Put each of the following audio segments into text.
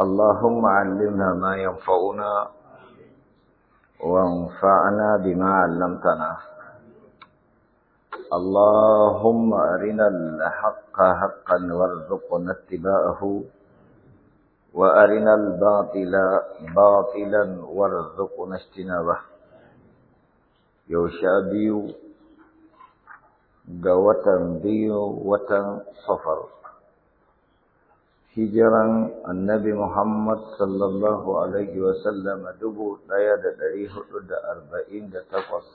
اللهم علمنا ما ينفعنا وانفعنا بما علمتنا اللهم أرنا الحق حقا وارزقنا اتباعه وأرنا الباطل باطلا وارزقنا اجتنابه يوشع بيو ga صفر hijiran annabi Muhammad sallallahu Alaihi wasallama dubu ɗaya da ɗari hudu da arba'in da takwas.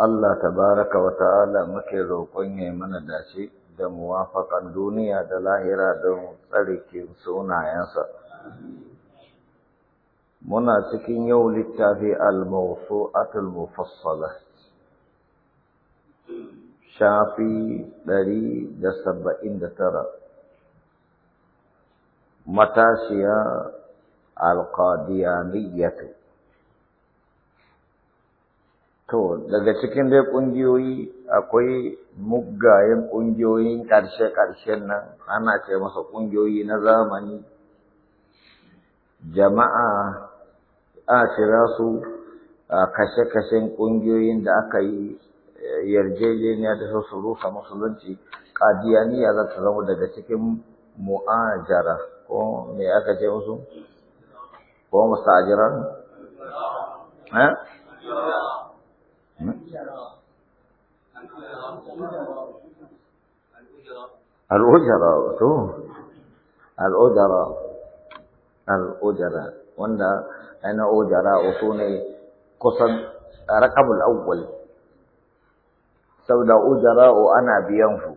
Allah tabaraka wa ta'ala muke roƙon ya mana dace da muwafaƙan duniya da lahira don tsarikin sunayensa. Muna cikin yau littafi al-mawsu'atul mufassala. Shafi ɗari da saba'in da tara. matashiya alƙadiyaniyatu to daga cikin dai ƙungiyoyi akwai mugayen ƙungiyoyin ƙarshe-ƙarshen nan ana ce masa ƙungiyoyi na zamani jama'a a shira su kashe-kashen ƙungiyoyin da aka yi yarjejeniya da su rusa musulunci ƙadiyaniya za ta zama daga cikin mu'ajara قوم من أكل شيء قوم الأجرة الأجرة الأجرة وندا أنا أجرة أصوني قصد رقم الأول سودا أجرة وأنا بينفو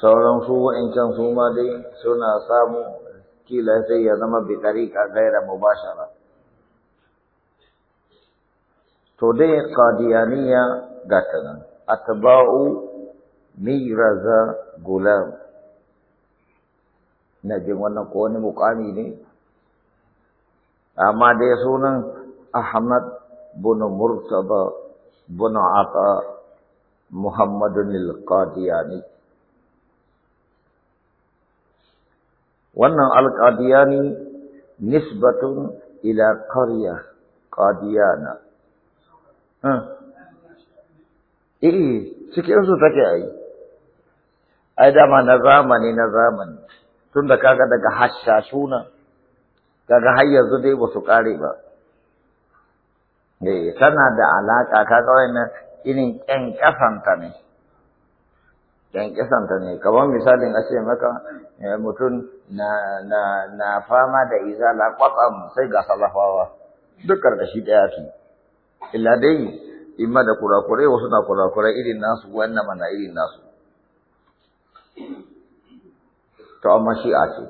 sauran su wa'incan su ma dai suna samu kila sai ya zama bi ɗariƙa gaira mubashara to dai qadiyaniya ga ta nan atba'u miraza gulam na jin wannan ko wani mukami ne amma dai sunan ahmad bin murtaba bin ata muhammadun al-qadiyani wannan alƙadiyani nisbatun ila ƙarya ƙadiyana eh cikinsu take ai ai dama na zamani na zamani tun da kaga daga hashashuna kaga har yanzu dai ba su ƙare ba eh tana da alaƙa kaga wannan irin ƙyan ƙasanta ne dan kisanta ne kamar misalin a ce maka eh, mutum na na na fama da izala kwatsam sai ga salafawa duk shi daya su illa dai imma da kurakurai wasu na kurakurai irin nasu wannan mana irin nasu to amma shi a ce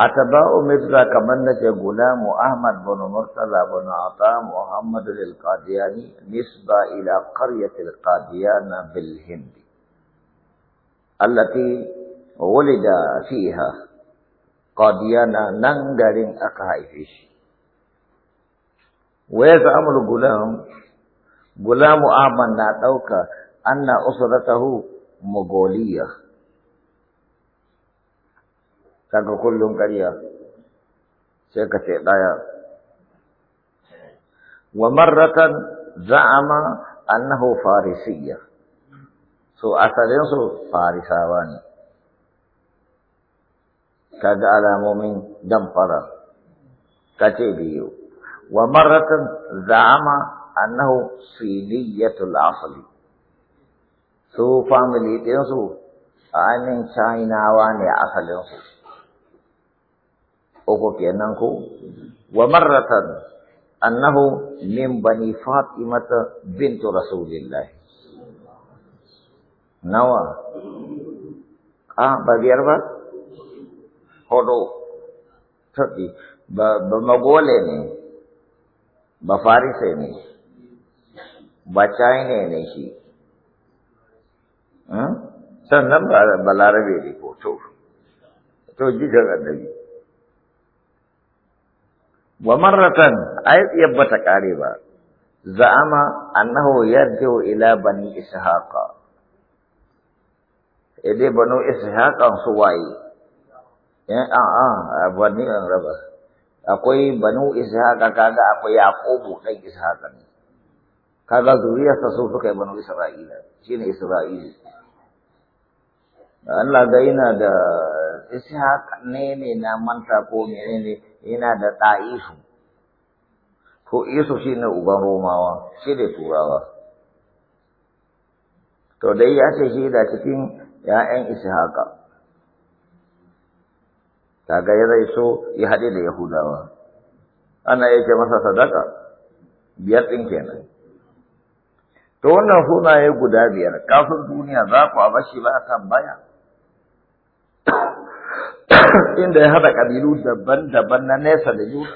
atabau mizra kaman nake gulamu ahmad bin murtala bin ata muhammad al nisba ila qaryati al-qadiyana bil hindi allati wulida fiha qadiyana nan garin aka haife shi wa yaz'amul gulam gulamu aman na dauka anna usratahu mugoliya kaga kullun kariya sai ka ce daya wa marratan za'ama annahu farisiyya su asalinsu farisawa ne Ka kaga alamomin damfara kace biyu wa maratan za'ama annahu siniyatul asli su family ɗinsu ainihin chinawa ne asalinsu uku kenan ko wa maratan annahu min bani fatimata bintu rasulillah nawa a ah, ba biyar ba hudu tafi ba magole ne ba farise ne ba china ne shi hmm? sannan ba larabe ne ko to to jigar annabi wa marratan ayat yabbata kare ba za'ama annahu yarji'u ila bani ishaqa ede eh, banu ishaq su suwai eh, ah, ah, ah, ya a a bani an raba akwai banu ishaqa kaga akwai yaqub ka ishaq ne kaga zuriyarsa su suka yi banu isra'ila shine isra'ili Allah ga yana da ishaq ne ne na manta ko ne ina da ta'ifu Ko isu shine uban romawa shi da turawa to dai ya ce shi da cikin ‘ya'yan ishaqa kaga ya zai so ya haɗe da yahudawa ana yake masa sadaka biyar ɗin kenan to wannan sunaye guda biyar kafin duniya za ku a bashi ba tambaya inda ya haɗa ƙabilu daban-daban na nesa da juna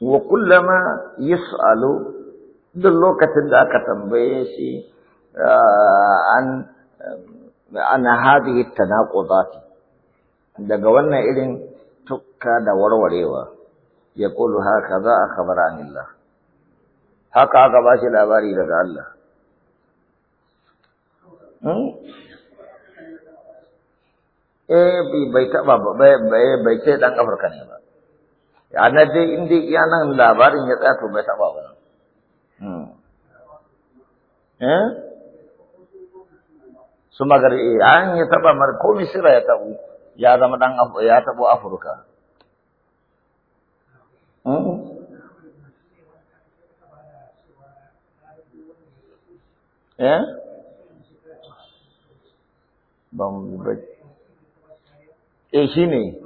wa kullama yus'alu duk lokacin da aka tambaye shi an an hadihi tanaqudat daga wannan irin tukka da warwarewa ya haka za a akhbara anillah haka aka bashi labari daga Allah eh bai taba bai ce dan Afirka ne ba na dai inda iya nan labarin ya tsato bai taba ba eh su magar an ya taba mar ko misira ya tabu ya zama dan ya tabu afirka eh ban ba eh shine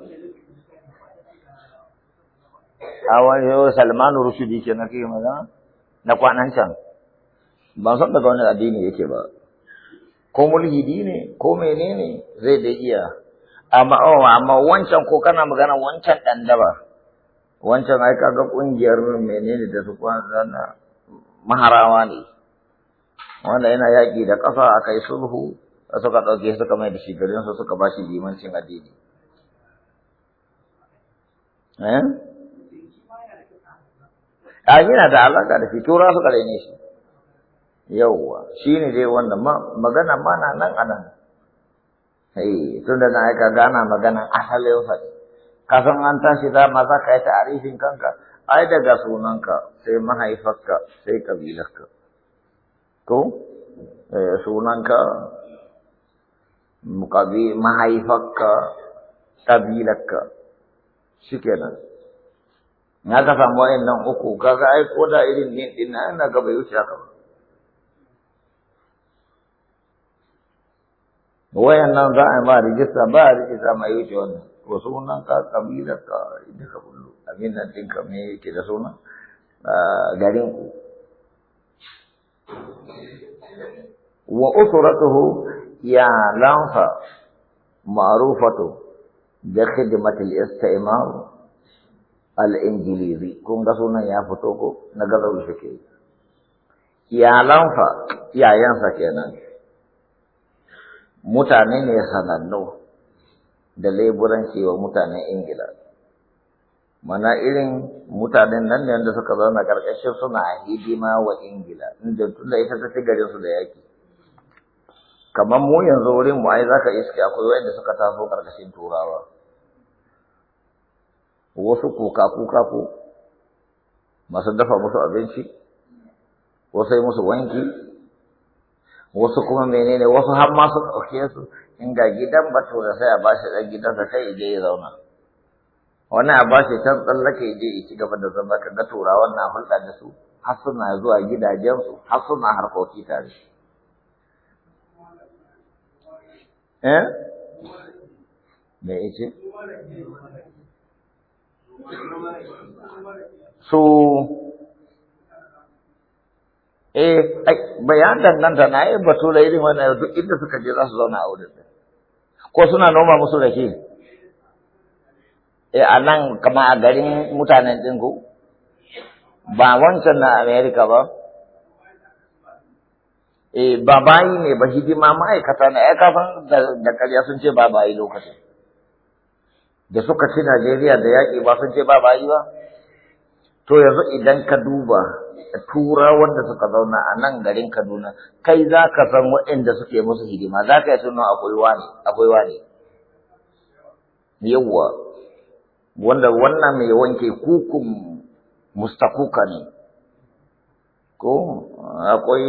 a wani Salman Rushdi kenan kike magana na kwanan can ban san daga wani addini yake ba ko mulhidi ne ko menene zai da iya amma oh, amma wancan ko kana magana wancan dan daba wancan ai kaga kungiyar menene da su kwana maharawa ne wanda yana yaki da ƙasa a kai sulhu suka ɗauke suka mai da shi garin su suka bashi limancin addini eh a ah, yana da alaka da fitura suka rene shi yawwa ne dai wanda ma magana ma na nan anan tun tunda na aika gana magana asalin fa Kasan an tashi da ma za ka yi ta'arifin kanka ai daga sunanka sai mahaifarka sai kabilarka ko eh, sunanka mukabi mahaifarka kabilarka shikenan na ka samu nan uku ka ai ko da irin ne ɗin na gaba bai wuce haka ba wayan nan za a yi ma rijista ba a rijista mai wuce wannan ko sunan ka kabilar ka inda ka bullo abin nan din ka me yake da suna garin ku wa usratuhu ya lanfa ma'rufatu da khidmatil istimar al-injilizi kun ga sunan ya fito ko na gazawu ya lanfa yayansa kenan mutane ne sanannu da leburan wa mutanen ingila mana irin mutanen nan ne wanda suka zauna ƙarƙashin suna hidima wa ingila inda da ita ta ci garin su da yaki kamar mu yanzu wurin mu ai zaka iske akwai wanda suka taso ƙarƙashin turawa wasu kuka kuka ko masu dafa musu abinci wasu yi musu wanki wasu kuma menene wasu har ma su ɗauke su in ga gidan ba to da sai a bashi ɗan gidansa kai je ya zauna wani a bashi can tsallake je ya ci gaba da zama ka ga turawan na hulɗa da su har suna zuwa gidajensu har suna harkoki tare eh me yace so Eh, bayan da na batu da irin wannan duk inda suka je za su zauna a wurin. Ko suna noma musu rake? Eh, a nan kama a garin mutanen ku? Ba wancan na Amerika ba? Eh, ba bayi ne ba hidima ma'aikata na ya kafan da ƙarya sun ce ba bayi lokacin. Da suka ci Najeriya da yaƙi ba sun ce ba ba? To yanzu idan ka duba Tura wanda suka zauna a nan garin Kaduna kai za ka san waɗanda suke musu hidima za ka yi suna akwai wani akwai yawwa wanda wannan mai wanke kukun mustakuka ne ko akwai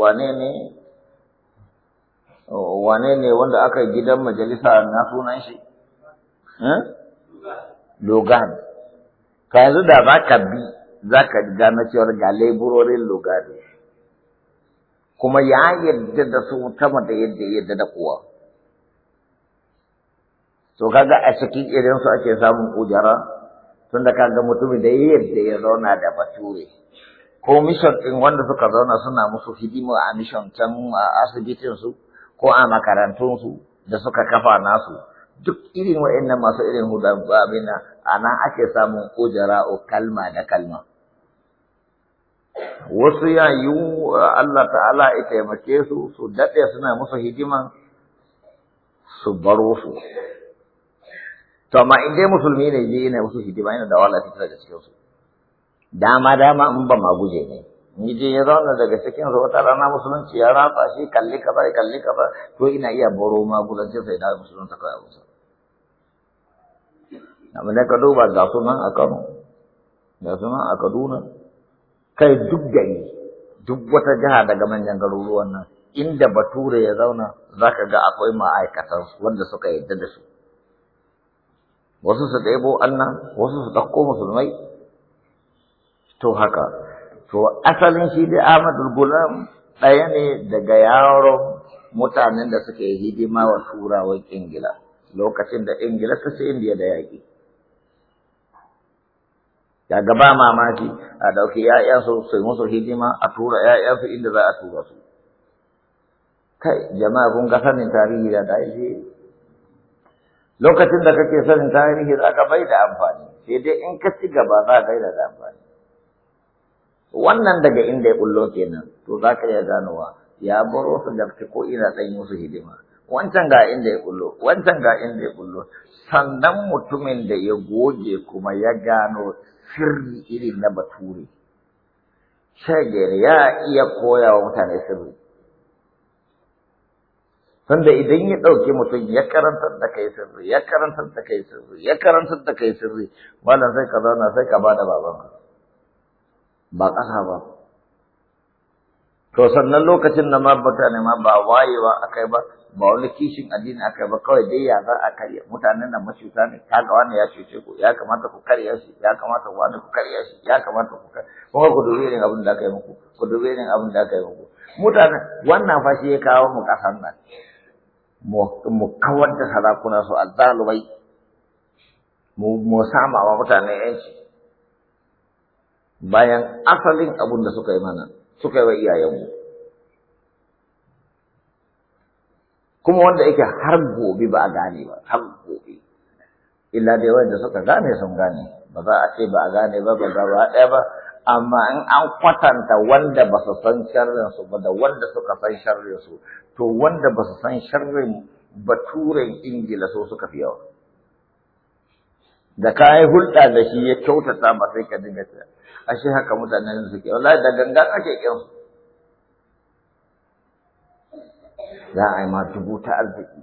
wane ne wane ne wanda aka yi gidan majalisa na sunan shi eh? Logan ka yanzu da za ka bi za ka gane cewar ga laiburorin lugari kuma ya yadda da su sama da yadda yadda da kuwa. to kaga a cikin irin su ake samun ujara tunda kaga mutumin da yadda ya zauna da bature ko mission din wanda suka zauna suna musu hidima a mission can a asibitin su ko a makarantun su da suka kafa nasu duk irin wa'annan masu irin abina a nan ake samun kujara o kalma da kalma wasu yayu Allah ta'ala ya taimake su su daɗe suna musu hidima su baro su to amma in dai musulmi ne yi ne musu hidima yana da wala fitar da cikin su dama dama in ba maguje ne ni je ya zauna daga cikin su wata rana musulunci ya rafa shi kalli bari kalli kaza to ina iya baro magudanci sai na musulunta kawai musulunci abin da ka duba ga sunan a Kano, ga sunan a Kaduna, kai duk gari duk wata jiha daga manyan garuruwan nan inda bature ya zauna zaka ga akwai ma'aikatan wanda suka yadda da su wasu su ɗebo annan wasu su ɗauko musulmai to haka to asalin shi dai Ahmadul Gulam ɗaya ne daga yaron mutanen da suke hidima wa turawan Ingila lokacin da Ingila ta ce Indiya da yaƙi ga ba mamaki a dauki ya'ya su su musu hidima a tura ya'ya su inda za a tura su kai jama'a kun ga sanin tarihi da da lokacin da kake sanin tarihi za ka bai da amfani sai dai in ka ci gaba za ka yi da amfani wannan daga inda ya bullo kenan to za ka iya ganowa ya baro su da ko ina ɗan yi musu hidima wancan ga inda ya bullo wancan ga inda ya bullo sannan mutumin da ya goge kuma ya gano sirri iri na bature shagir ya iya koya wa mutane sirri sanda idan ya ɗauki mutum ya karantar da kai sirri ya karantar da kai sirri ya karantar da kai sirri malam sai ka zauna sai ka bada baban, ba ƙasa ba to sannan lokacin da ma baka ne ma ba wayewa akai ba ba wani kishin addini akai ba kawai dai ya za a karya mutanen nan mashuta ne kaga wani ya cuce ku ya kamata ku karya shi ya kamata wani ku karya shi ya kamata ku kuma ku dubi irin abin da aka yi muku ku dubi irin abin da aka yi muku mutanen wannan fa shi ya kawo mu kasan nan mu kawar da sarakuna su azzalumai mu mu sama wa mutane yanci bayan asalin abin da suka yi mana suka yi wa iyayenmu kuma wanda yake har gobe ba a gane ba har gobe illa dai wanda suka gane sun gane ba za a ce ba a gane ba ba za ba ɗaya ba amma in an kwatanta wanda ba su san sharrin su ba da wanda suka san sharrin su to wanda ba su san sharrin baturen ingila so suka fi yawa da ka yi hulɗa da shi ya kyautata ba sai ka dinga ta ashe haka mutanen suke wallahi da gangan ake su za a yi ma dubu ta arziki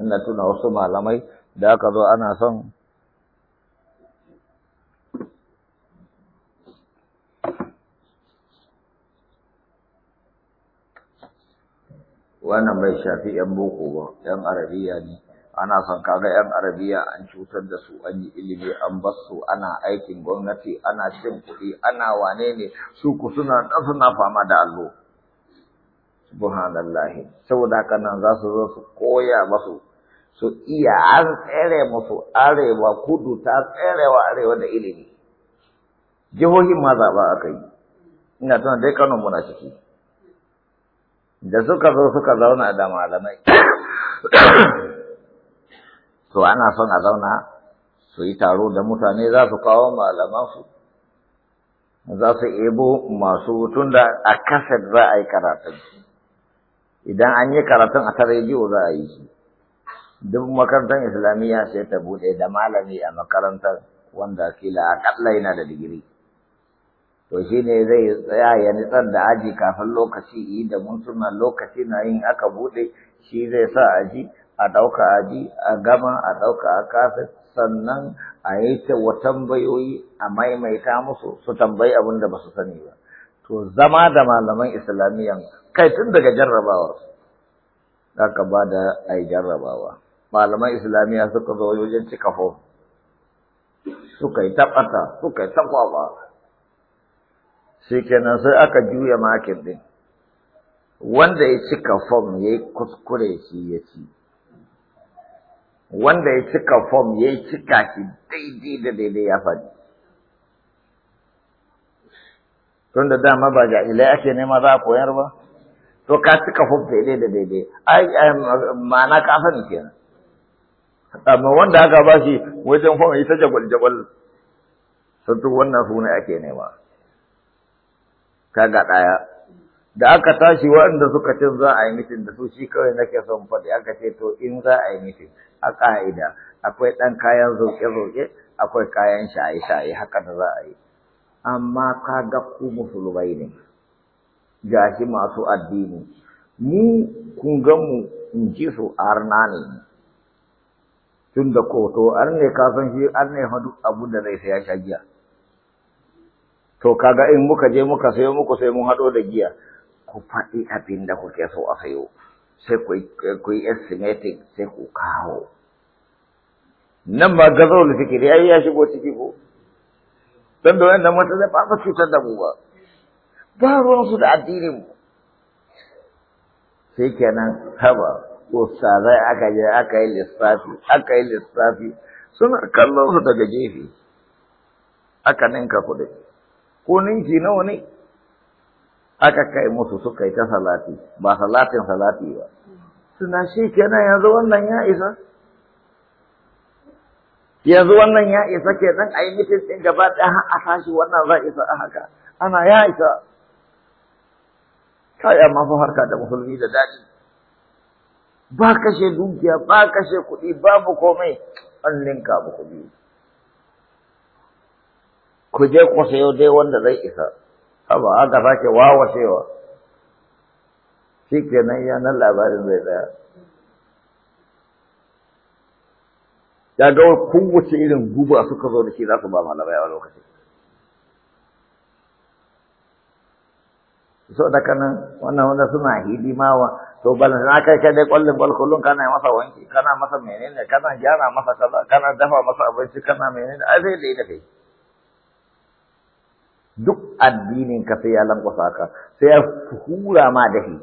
ina tuna wasu malamai da aka zo ana son wannan bai shafi 'yan boko ba 'yan arabiya ne ana son kaga yan arabiya an cutar da su an yi ilimi an basu ana aikin gwamnati ana cin kuɗi ana wane ne su ku suna ɗan suna fama da allo subhanallah saboda haka nan za su zo su koya masu su iya an tsere musu arewa kudu ta tserewa arewa da ilimi jihohin ma zaɓa aka yi ina tuna dai kano muna ciki da suka zo suka zauna da malamai to ana son a zauna su yi taro da mutane za su kawo malamansu za su ebo masu hutun da a kaset za a yi karatun idan an yi karatun a ta rediyo za a yi shi duk makarantar islamiyya sai ta bude da malami a makarantar wanda kila kalla yana da digiri to shi ne zai tsaya ya nitsar da aji kafin lokaci yi da mun suna lokaci na yin aka bude shi zai sa aji a ɗauka aji a gama a ɗauka a kafe sannan a yi wa tambayoyi a maimaita musu su tambayi abin da ba su sani ba to zama da malaman islamiyyan kai tun daga jarrabawar za ka ba da a yi jarrabawa malaman islamiyya suka zo wajen cika fom suka yi taɓata suka yi taɓaɓa shi kenan sai aka juya makin ɗin wanda ya cika fom ya yi kuskure shi ya ci wanda ya cika fom ya cika shi daidai da daidai ya faɗi. Tun da dama ba ilai ake nema za a koyar ba, to ka cika fom daidai da daidai, ai ma'ana ka sani kenan. Amma wanda aka ba shi wajen fom ya ta jagwal-jagwal, sun wannan su ake nema. Ka ga ɗaya. da aka tashi waɗanda suka ce za a yi mitin da su shi kawai nake son faɗi aka ce to in za a yi mitin a ƙa'ida akwai ɗan kayan zoƙe-zoƙe akwai kayan shaye-shaye haka da za a yi amma ka ga ku musulmai ne gashi masu addini mu kun ga mu in ji su arna ne tun da koto arne ka san shi arne fa duk Abu da zai saya sha giya to kaga in muka je muka sayo muku sai mun haɗo da giya ku faɗi abin da kuke so a sayo sai ku yi estimating sai ku kawo nan ba gazo da ai ya shigo ciki ko don da wannan mata zai ba cutar da mu ba ba su da addinin mu sai kenan haba ustazai aka je aka yi lissafi aka yi lissafi suna kallon su daga gefe aka ninka kuɗi ko ninki nawa ne aka kai musu suka yi ta salati ba salatin salati ba suna shi kenan yanzu wannan ya isa yanzu wannan ya isa kenan a yi mitin ɗin gaba ɗaya a tashi wannan za isa a haka ana ya isa kai harka da musulmi da daɗi ba kashe dukiya ba kashe kuɗi babu komai an linka biyu ku je ku sayo dai wanda zai isa a aka sake wawashewa. Shi nan yanar labarin zai tsaya. Ya ga kowace irin guba suka zo da shi za su ba malamai a lokaci So da kana wannan wanda suna hidi mawa to ba na kai kai dai kwallin bal kullun kana masa wanki kana masa menene kana gyara masa kaza kana dafa masa abinci kana menene ai zai da kai. duk addinin ka sai ya lankwasa ka sai ya hura ma dahi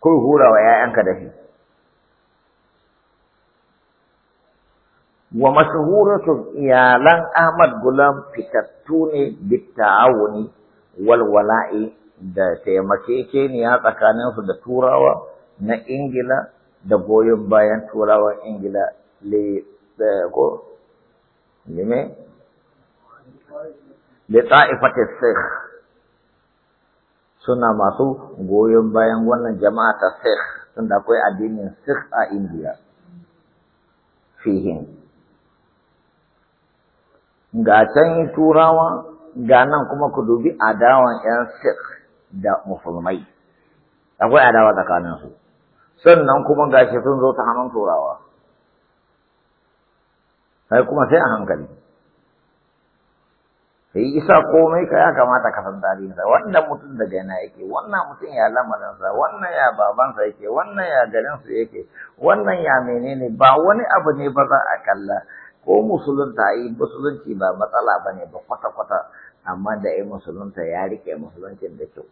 ko hura wa ‘ya'yanka dahi wa mashuratun iyalan Ahmad Gulam fitattu ne bitta'awuni walwala'i da taimakekeniya su da turawa na Ingila da goyon bayan turawan Ingila le eh, ko da sikh suna masu goyon bayan wannan jama'a ta sikh tunda akwai addinin sikh a indiya fihin ga can yi turawa ga nan kuma ku dubi adawan 'yan sikh da musulmai akwai adawa tsakanin su sannan kuma gashi sun zo ta hannun turawa sai kuma sai a hankali sai isa komai ka ya kamata ka san tarihinsa wannan mutum daga yana yake wannan mutum ya lamarinsa wannan ya babansa yake wannan ya garinsu yake wannan ya menene ba wani abu ne ba za a kalla ko musulunta yi musulunci ba matsala ba ne ba kwata-kwata amma da ya musulunta ya rike musuluncin da kyau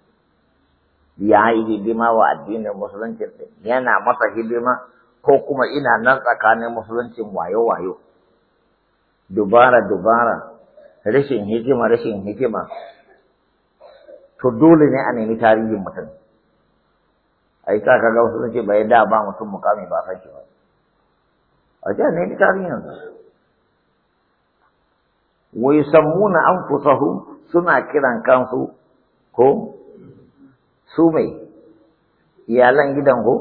ya yi hidima wa addinin musuluncin yana masa hidima ko kuma ina nan tsakanin musuluncin wayo-wayo dubara-dubara rashin hikima rashin hikima to dole ne a nemi tarihin mutum a yi ka ga wasu ce bai da ba mutum mukami ba san shi ba a ji a nemi san wa an fusahu suna kiran kansu ko su mai iyalan gidan ko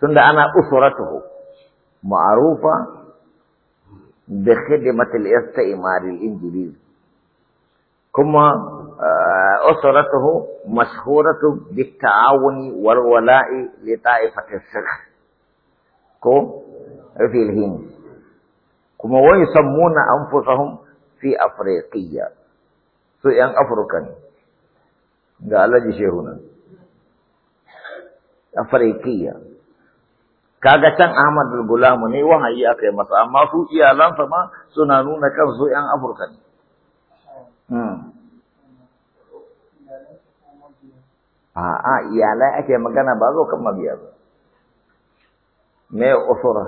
tunda ana usuratu ma'arufa بخدمة الاستعمار الإنجليزي كما آه، أسرته مشهورة بالتعاون والولاء لطائفة السلح كو في الهند كما ويسمون أنفسهم في أفريقيا سوء أن أفريقيا قال لجي شيخنا أفريقيا kaga can Ahmad al gulamu ne wahayi aka yi masa amma su iyalansa ma suna nuna kansu yan Afirka ne hmm. a'a iyalai ake magana ba zo kan mabiya ba me usura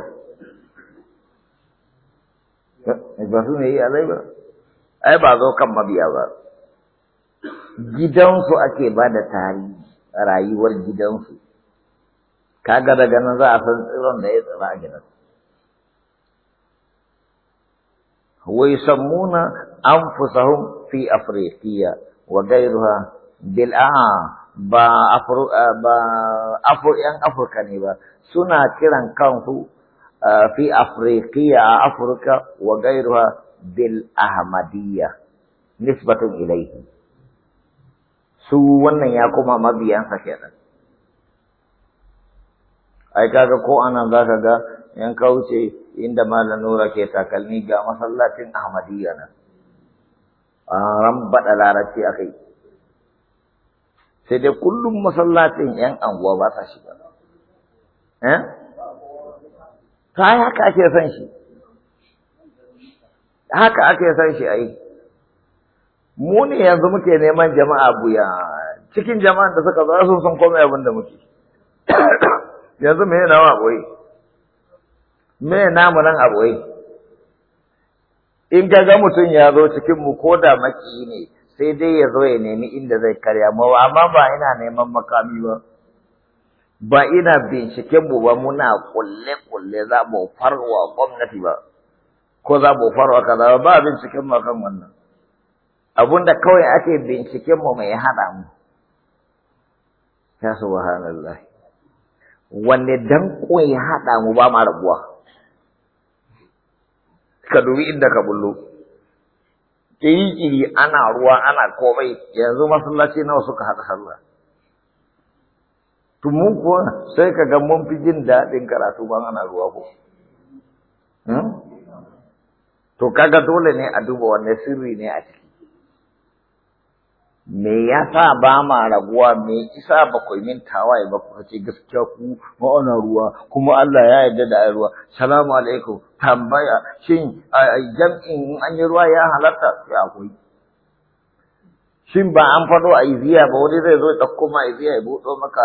ba su ne iyalai ba ai ba zo kan mabiya ba gidansu ake ba da tarihi rayuwar gidansu kaga daga nan za a san tsiron da ya tsira a gidan wai sammuna anfusahum fi afriqiya wa ghayruha bil ba afru ba yan afirka ne ba suna kiran kansu fi afriqiya a afirka wa ghayruha bil nisbatun ilaihi su wannan ya koma mabiyansa kenan ai kaga ko anan zaka ga yan kauce inda malam nura ke takalmi ga masallacin ahmadiyya nan an rambaɗa larabci a kai sai dai kullum masallacin yan anguwa ba sa shiga eh ta haka ake son shi haka ake son shi ai mu ne yanzu muke neman jama'a buya cikin jama'an da suka zo sun san komai abin da muke yanzu me yana wa boye me mu nan a boye in ga mutum ya zo cikin mu ko da maki ne sai dai ya zo ya nemi inda zai karya mu amma ba ina neman makami ba ba ina binciken mu ba muna kulle kulle za mu farwa gwamnati ba ko za mu farwa kaza ba binciken mu kan wannan abunda kawai ake binciken mu mai hada mu ya subhanallahi wanne danko ya haɗa mu ba ma rabuwa ka dubi inda ka bullo ƙiri ana ruwa ana komai yanzu masallaci nawa suka haɗa sallah to mun kuwa sai ka ga mun fi jin daɗin karatu ban ana ruwa ko hmm? to kaga dole ne a duba wanne sirri ne a ciki me yasa ba ma raguwa me isa ba ku min tawaye ba ku ce gaskiya ku ma'ana ruwa kuma Allah ya yarda da ruwa salamu alaikum tambaya shin jam'in in an yi ruwa ya halatta sai akwai shin ba an fado a iziya ba wani zai zo ya ɗauko ma iziya ya buɗo maka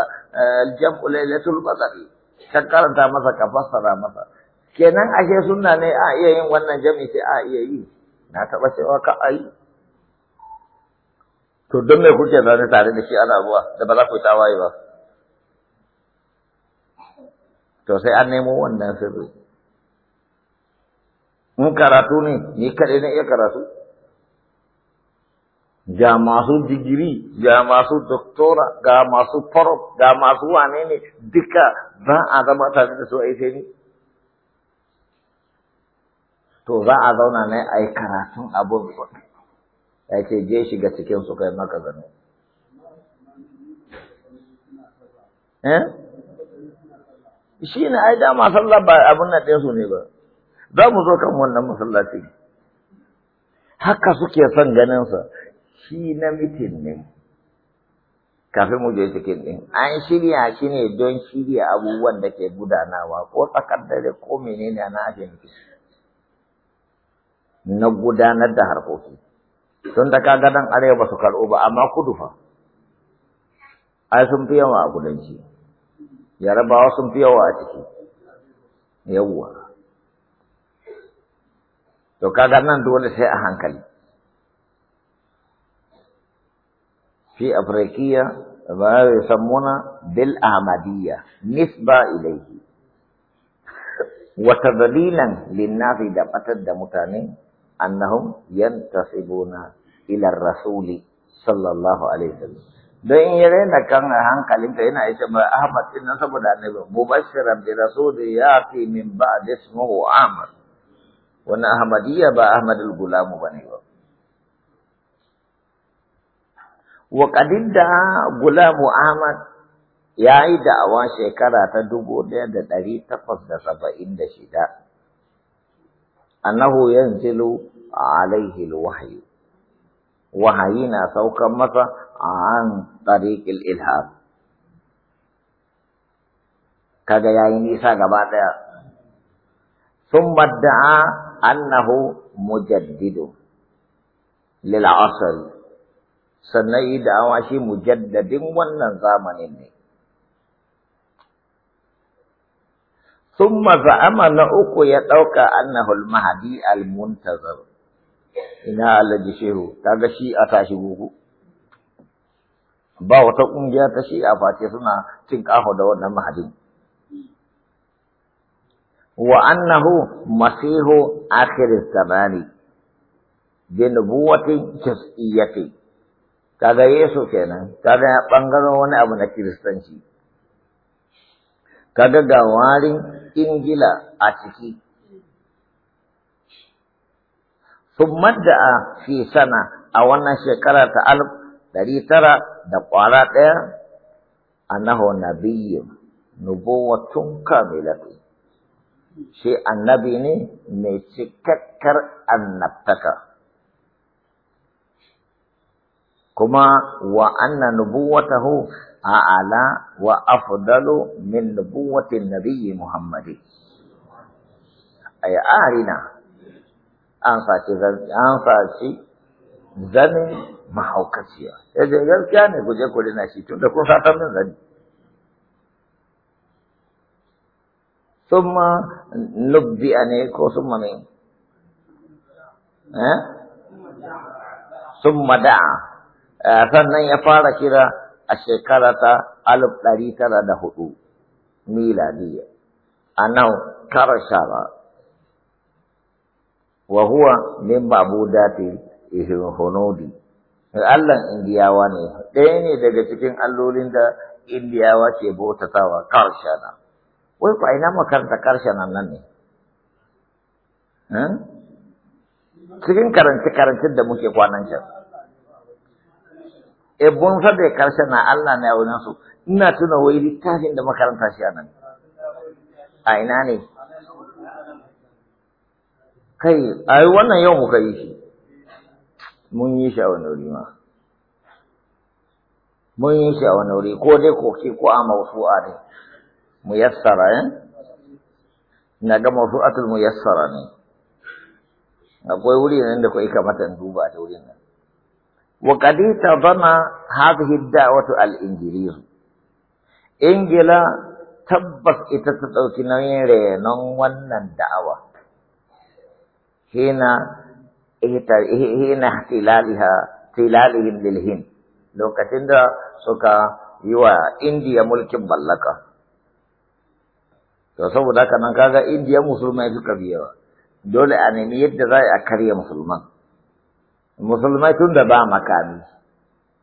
aljam'u eh, lailatul qadr kan karanta masa ka fassara masa kenan ashe sunna ne a iya yin wannan jam'i sai a iya yi na taɓa cewa ka a yi to don me kuke zaune tare da shi ana zuwa da ba za ku tawaye ba to sai an nemo wannan sirri in karatu ne ni kaɗai na iya karatu ga masu digiri ga masu doktora ga masu farok ga masu wane ne duka za a zama tare da su a sai ni to za a zauna ne a yi karatun abin ya ce je shiga cikin su kai maka gano eh shi ne ai dama sallah ba abin nan ɗinsu ne ba za mu zo kan wannan masallaci haka suke son ganinsa shi na mitin ne kafin mu je cikin ɗin an shirya shi ne don shirya abubuwan da ke gudanawa ko tsakar dare ko menene na ajin na gudanar da harkoki don da ka gadan arewa ba su karɓo ba amma kudu fa ai sun fi yawa a kudanci yarabawa sun fi yawa a ciki yawwa to kaga nan dole sai a hankali fi afrikiya ba a yi sammuna bil ahmadiyya nisba ilaihi wata dalilan linnafi da batar da mutane annahum yantasibuna ila rasuli sallallahu alaihi wasallam don in ya raina kan hankalinka yana ita mai Ahmad din nan saboda annabi mubashiran bi rasuli ya fi min ba'd ismuhu Ahmad wannan Ahmadiyya ba Ahmad al-Gulamu bane ba wa Gulamu Ahmad yayi da'awa shekara ta dubu ɗaya da ɗari takwas da saba'in da shida A annahu yanzilu alaihi alwahyu wahayi na saukan masa a an tariqil ilham kaga yayi nisa gaba daya thumma da'a annahu mujaddidu lil asr sannan yi da'awa shi mujaddadin wannan zamanin ne uku ya ɗauka زعم Mahadi يدوك أنه المهدي المنتظر إنا الذي شهو a شيء أتاشبوه ba wata ƙungiya ta shi a face suna cin ƙaho da wannan mahadin. Wa annahu masihu akhir zamani bi nubuwatin juz'iyyati kaga Yesu kenan kaga ya bangaren wani abu na kiristanci kaga ga warin jingila a ciki. sun da a fi sana a wannan shekara ta alif ɗari tara da ƙwara ɗaya a naho nabiyyu nubuwatun kamilatu shi annabi ne mai cikakkar annabtaka. Kuma wa anna a'ala wa afdalu min nubuwatin nabiyyi Muhammadin. Ai, arina an faci zanen mahaukaciya, ya je gaskiya ne guje kuri na shi Tunda da kun fatan min zani. Suma nubbi a ko suma ne? Suma da'a. Sannan ya fara kira a shekara ta alif ɗari tara da hudu miladiya a nan karashara wa huwa min ma'budati hunudi Allah indiyawa ne ɗaya ne daga cikin allolin da indiyawa ke bautatawa na wai kwa ina makaranta karshanan nan ne hmm? cikin karanci karancin da muke kwanan can ebon eh, sa da karshe na Allah ne a wurin su ina tuna wai littafin da makaranta shi anan a ina ne kai ai wannan yau muka yi shi mun yi shi a wani wuri ma mun yi shi a wani wuri ko dai koke ko a mawsu'a ne muyassara eh na ga mawsu'atul muyassara ne akwai wuri ne da kai kamata in duba ta wurin nan wa kadita bana hadi hidda watu al injiliyu ingila tabbas ita ta dauki nauyin renon wannan da'awa hina ita hina tilaliha tilalihim lokacin da suka yiwa indiya mulkin mallaka, to saboda kana kaga indiya musulmai suka biya dole anemi yadda za a karya musulman musulmai tun da ba makami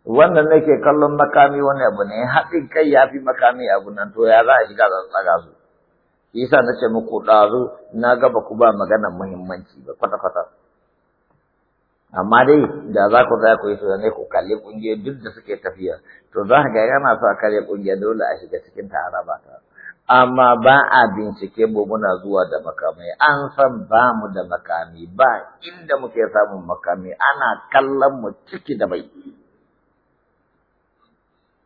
wannan nake kallon makami wani abu ne haɗin kai ya fi makami abu nan to ya za a shiga tsaga su shi yasa ce muku ɗazu na ga ku ba maganar muhimmanci ba kwata-kwata amma dai da za ku za ku yi ne ku kalli ƙungiyar duk da suke tafiya to za ka ga yana sa karya ƙungiyar dole a shiga cikin ta haraba ta amma ba a bincike mu muna zuwa da makamai an san ba mu da makami ba inda muke samun makami ana kallon mu ciki da bai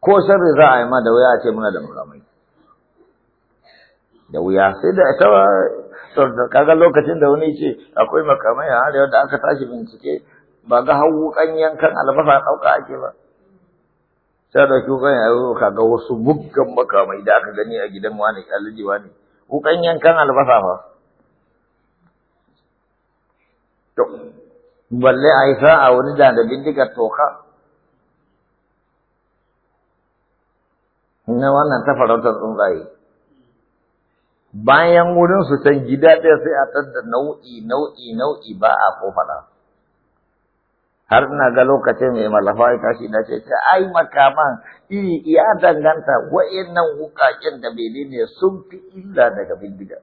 ko sharri za a yi ma da wuya a ce muna da makamai da wuya sai da ita kaga lokacin da wani ce akwai makamai a arewa da aka tashi bincike ba ga hau kan yankan albasa ɗauka ake ba sai da kan yaro ka ga wasu buggan makamai da aka gani a gidan wani alhaji wani kan yankan albasa fa to balle a wani da da bindiga toka na wannan ta farautar tsuntsaye bayan wurin su can gida ɗaya sai a tsada nau'i nau'i nau'i ba a kofara har na ga lokacin mai malafa ya tashi na ce ta ai makaman iri ya danganta wa'annan wukakin da ne sun fi illa daga bindiga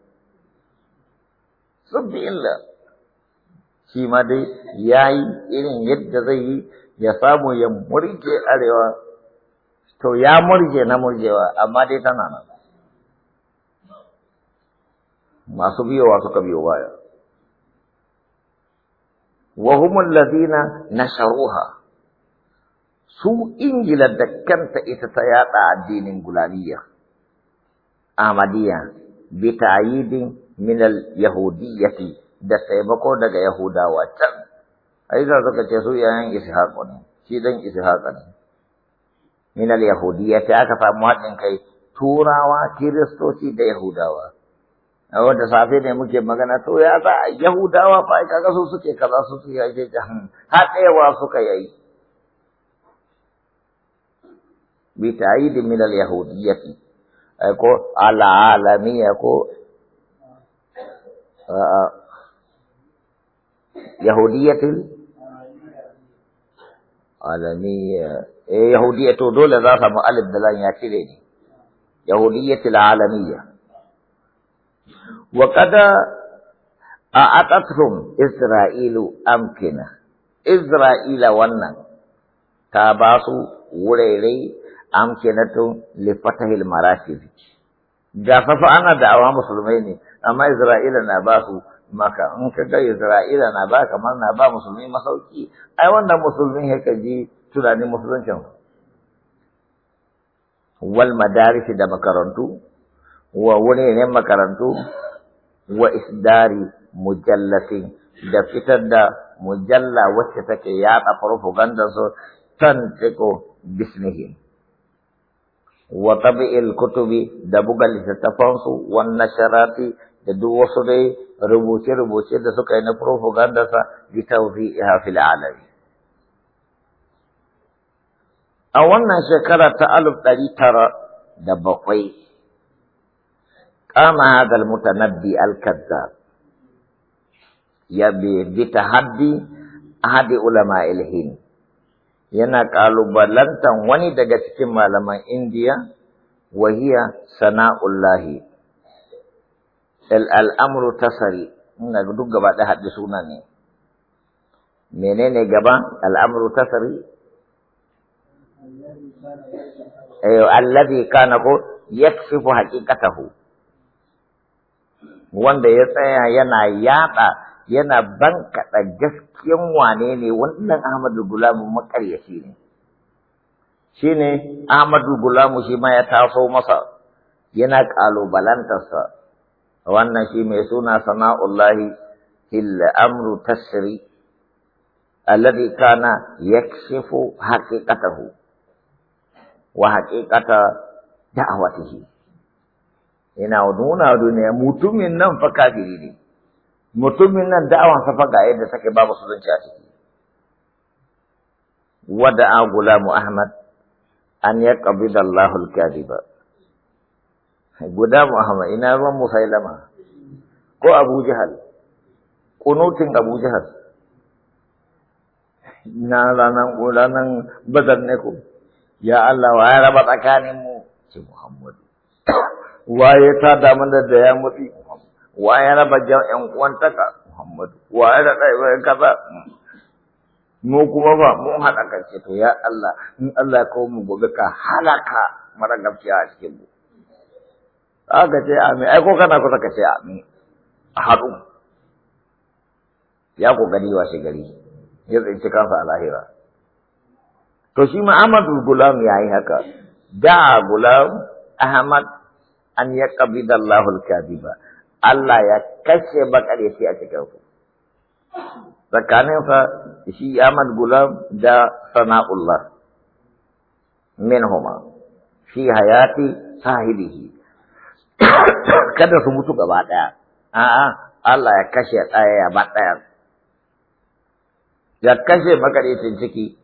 sun fi illa shi ma dai ya yi irin yadda zai yi ya samu ya murje arewa to ya murje na murjewa amma dai tana nan masu biyowa suka biyo baya وهم الذين نشروها su ingila da kanta ita ta yada addinin gulaniya amadiya bi ta'yidin min al-yahudiyyati da taimako daga yahudawa can ai za suka ce su yayan ishaq ne shi dan ishaq ne min al-yahudiyyati aka famu hadin kai turawa kiristoci da yahudawa wadda safe ne muke magana to ya za a yahudawa fa kaga su suke kaza su suke ake jahan hmm, haɗewa suka yayi bi ta'id min al yahudiyyati ko al alamiyya ko yahudiyyatul alamiyya eh yahudiyya dole za samu alif da lan ya cire ne yahudiyyatul alamiyya a أَعَتَتْهُمْ Isra'ilu أَمْكِنَ Isra'ila wannan Ta ba su wurairai amkinatun lifatahil marashiri. Gafafa ana da awa musulmai ne, amma Isra’ila na ba su maka, in ka ga Isra’ila na ba kamar na ba musulmi masauki, ai wanda musulmi haka ji tunanin musuluncin. Wal madarisi da makarantu, wa wurairai makarantu, وإصدار مجلس ده فتر ده مجلة وشتك يات أفروف غندس تنتقو باسمه وطبع الكتب ده بغل ستفانس والنشرات ده دو وصده ربوشي ربوشي ده سو كأن أفروف غندس بتوفيئها في العالم أولنا شكرا تألف تري ترى ده أما هذا المتنبي الكذاب يبي بتحدي أحد علماء الهند ينا قالوا بلنتا وني دقا سكما لما انديا وهي سناء الله الأمر تسري نقدق بعد أحد سوناني منين قبا الأمر تسري أيوه الذي كان يكشف حقيقته wanda ya tsaya yana yaɗa yana bankaɗa gaskiyan wane ne wannan Ahmadu Gulamu makaryaci ne. Shi ne Ahmadu Gulamu shi ma ya taso masa yana ƙalubalantarsa wannan shi mai suna sana'ullahi illa amru tasri alladhi kana yakshifu haƙiƙatahu wa haqiqata da'awatihi yana nuna duniya mutumin nan fa kafiri ne mutumin nan da'awan sa fa ga yadda take babu sulunci a ciki wada'a gulamu ahmad an yaqbida allah al-kadiba gulamu ahmad ina ruwan musailama ko abu jahal kunutin abu jahal na ranan ranan bazar ne ko ya Allah wa ya raba tsakaninmu ce Muhammadu waye ta damu da ya mutsi waye raba ƴan uwantaka Muhammadu waye da ɗaya kaza mu kuma ba mu haɗa kai to ya Allah in Allah ya kawo mu gobe ka halaka mara gaskiya a cikin mu aka ce amin ai ko kana kusa ka ce amin a haɗu ya ko gani washe gari ya tsinci kansa a lahira to shi ma Ahmadu Gulam yayi haka da Gulam Ahmad an ya da Allahul ba Allah ya kashe bakareci a cikin ku tsakanin fa shi Ahmad Gulam da Sana'ullah homa, shi hayati sahibihi kada su mutu gaba ɗaya, a'a Allah ya kashe ɗaya ya ba ɗaya ya kashe bakarecin ciki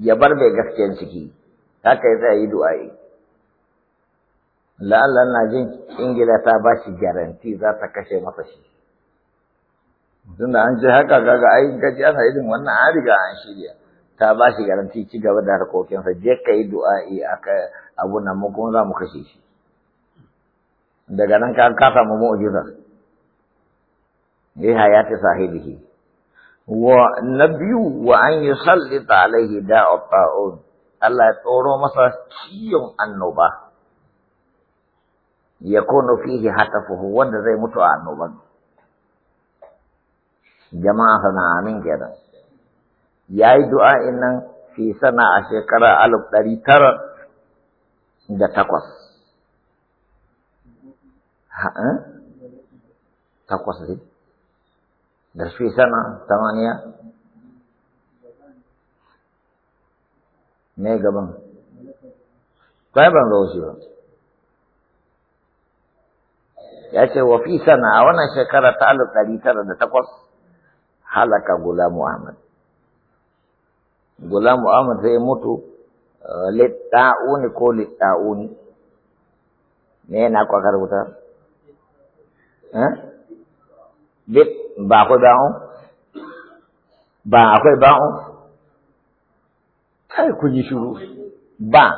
ya bar mai gaskiyan ciki haka ya tsaya yi du'a'i la'alla na jin ingila ta ba shi garanti za ta kashe masa shi tunda an ce haka gaga ai gaji ana irin wannan an riga an shirya ta ba shi garanti ci gaba da harkokinsa je ka yi du'a'i aka abu na mu kuma za mu kashe shi daga nan ka ka samu mu'jiza bi hayati sahibihi wa biyu? wa an yusallita alaihi da'a ta'un Allah ya tsoro masa ciyon annoba Ya yakunu fihi hatafuhu wanda zai mutu a annoban jama'a sana amin kenan yayi du'a'in nan fi sana a shekara alif ɗari tara da takwas eh? takwas ne da fi sana tamaniya me gaban kai ban ga shi ba ya ce wa fi sana a wannan shekara ta alif ɗari tara da takwas halaka gula Muhammad. gula Muhammad sai mutu eh, litta'uni ko litta'uni. Me yana kwakar wuta? Eh? Bit ba akwai ba'u Ba akwai ba'u Kai ku ji shuru. Ba.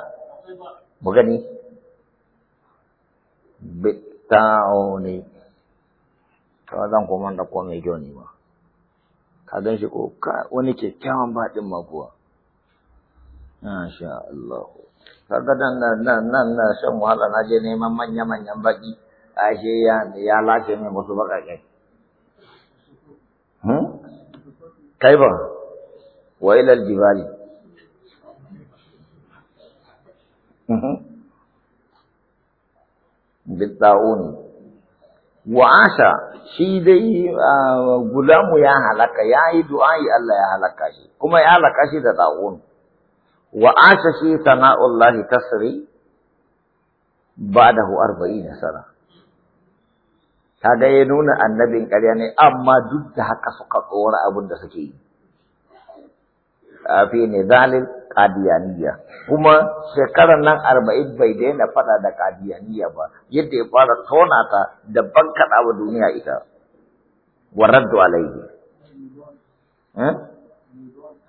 Mu gani. Bit ta'uni to zan kuma da ko mai kyau ne ba ka gan shi ko ka wani kyakkyawan baɗin ma kuwa masha Allah kaga nan nan nan na shan wahala na je neman manya manyan baki ashe ya ya lace min wasu bakakai hmm kai ba wa ila al-jibali mm bidda'uni wa asha shi dai gulamu ya halaka ya yi du'a'i Allah ya halaka shi kuma ya halaka shi da da'un wa asha shi sana'ullahi tasri ba'dahu 40 sana ga ya nuna annabin ƙarya ne amma duk da haka suka tsora abin da suke yi fi ne zalim kadiyaniya kuma shekarar nan arba'in bai daina fada da kadiyaniya ba yadda ya fara tona ta da bankaɗa wa duniya ita waraddu alaihi hmm?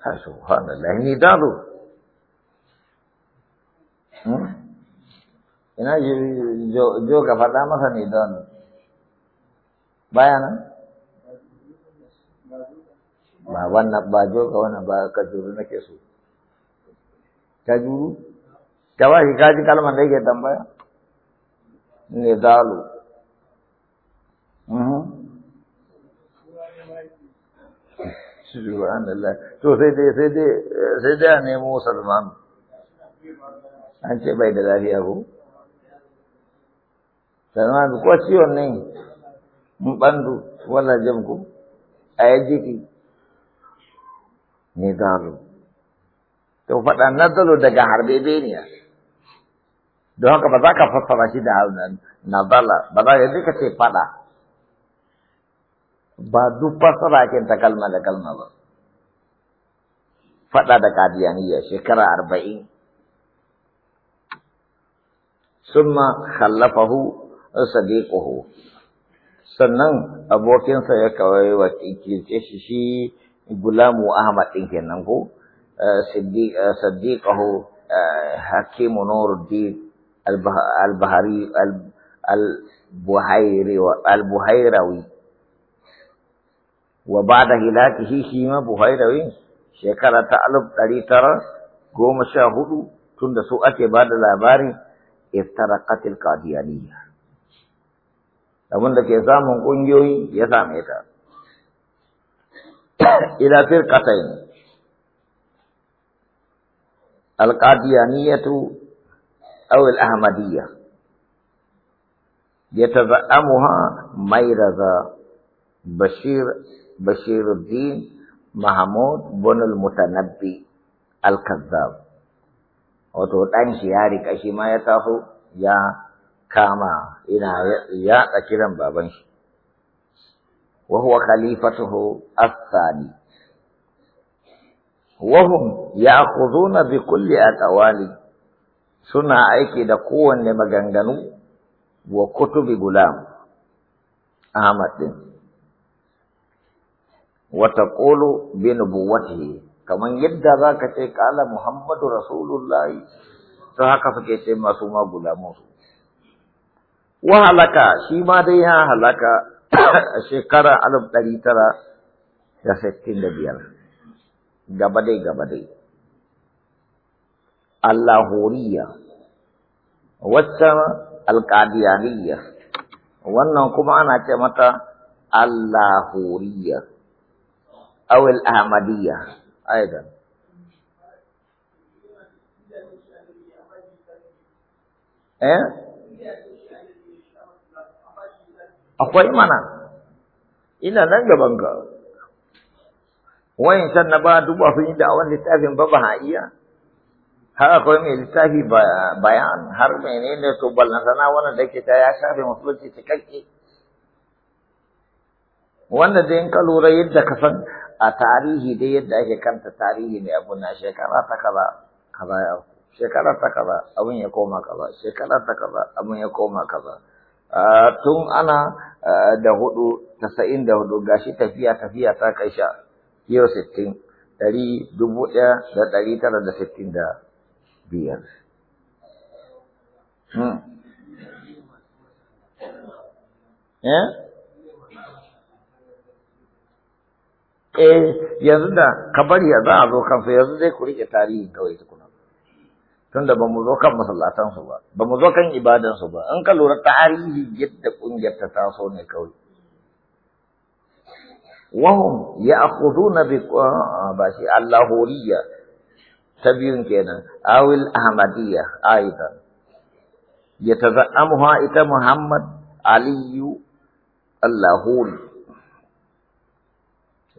ha subhanallah ni hmm? ina jo ga masa ni baya ba wannan ba jo ga wannan ba ka nake so ka juru ka ba shi kaji kalmar da yake tambaya nizalu mhm. subhanallah to sai dai sai dai sai dai a nemo Salman an ce bai da lafiya ko Salman ko ciwon ne mun bandu wala jamku ko a yaji ne zalo to faɗa nazalu daga harbe beniya don haka ba za ka fassara shi da nazala ba za ka ce faɗa ba duk fassara kalma da kalma ba faɗa da kadiyaniya shekara arba'in summa khallafahu sadiquhu sannan abokinsa ya kawai wa shi gulamu ahmad ɗin kenan ko صديقه حكيم نور الدين البهري البهيروي وبعد هلاكه شيما بهيروي شكرة ألف ɗari tara goma sha hudu tun da su ake ba da labarin iftaraqatil qadiyaniyya abin da ke samun ƙungiyoyi ya same ta ila firqatayn القاديانية أو الأحمدية يتزعمها ميرزا بشير بشير الدين محمود بن المتنبي الكذاب وتوتان شياري كشي ما يتاخو يا كاما إنا يا أكرم بابنش وهو خليفته الثاني wahum na bi kulli aqwali suna aiki da kowanne maganganu wa kutubi gulam Ahmad din wata kolo bin nubuwwatihi kaman yadda zaka ce kala Muhammadu Rasulullahi to haka suke ce masu ma gulamu wa halaka shi ma dai ya halaka a shekara alif ɗari tara da sittin da biyar gaba dai gaba dai allahuriya wacce alƙadiyariya wannan kuma ana ce mata allahuriya awil ahmadiyya aidan eh akwai mana ina nan gaban ka wayan can na ba duba su inda a wani littafin ba ba iya har akwai mai littafi bayan har menene to sana wannan da ke ta ya shafe musulunci cikakke wanda da yin kalura lura yadda ka san a tarihi dai yadda ake kanta tarihi ne abu na shekara ta kaza kaza ya shekara ta kaza abin ya koma kaza shekara ta kaza abin ya koma kaza tun ana da hudu tasa'in da hudu gashi tafiya tafiya ta kai sha yau sittin ɗari dubu ɗaya da ɗari tara da sittin da biyar hmm. eh? eh, yanzu da kabari ya za a zo kansu yanzu zai ku riƙe tarihi kawai tukuna. Tunda ba mu zo kan masallatansu ba, ba mu zo kan ibadansu ba, in ka lura tarihi yadda ƙungiyar ta taso ne kawai. وهم يأخذون بك آه، آه، باشي اللهورية تبين كنا أو الأحمدية أيضا يتزعمها إتا محمد علي اللهوري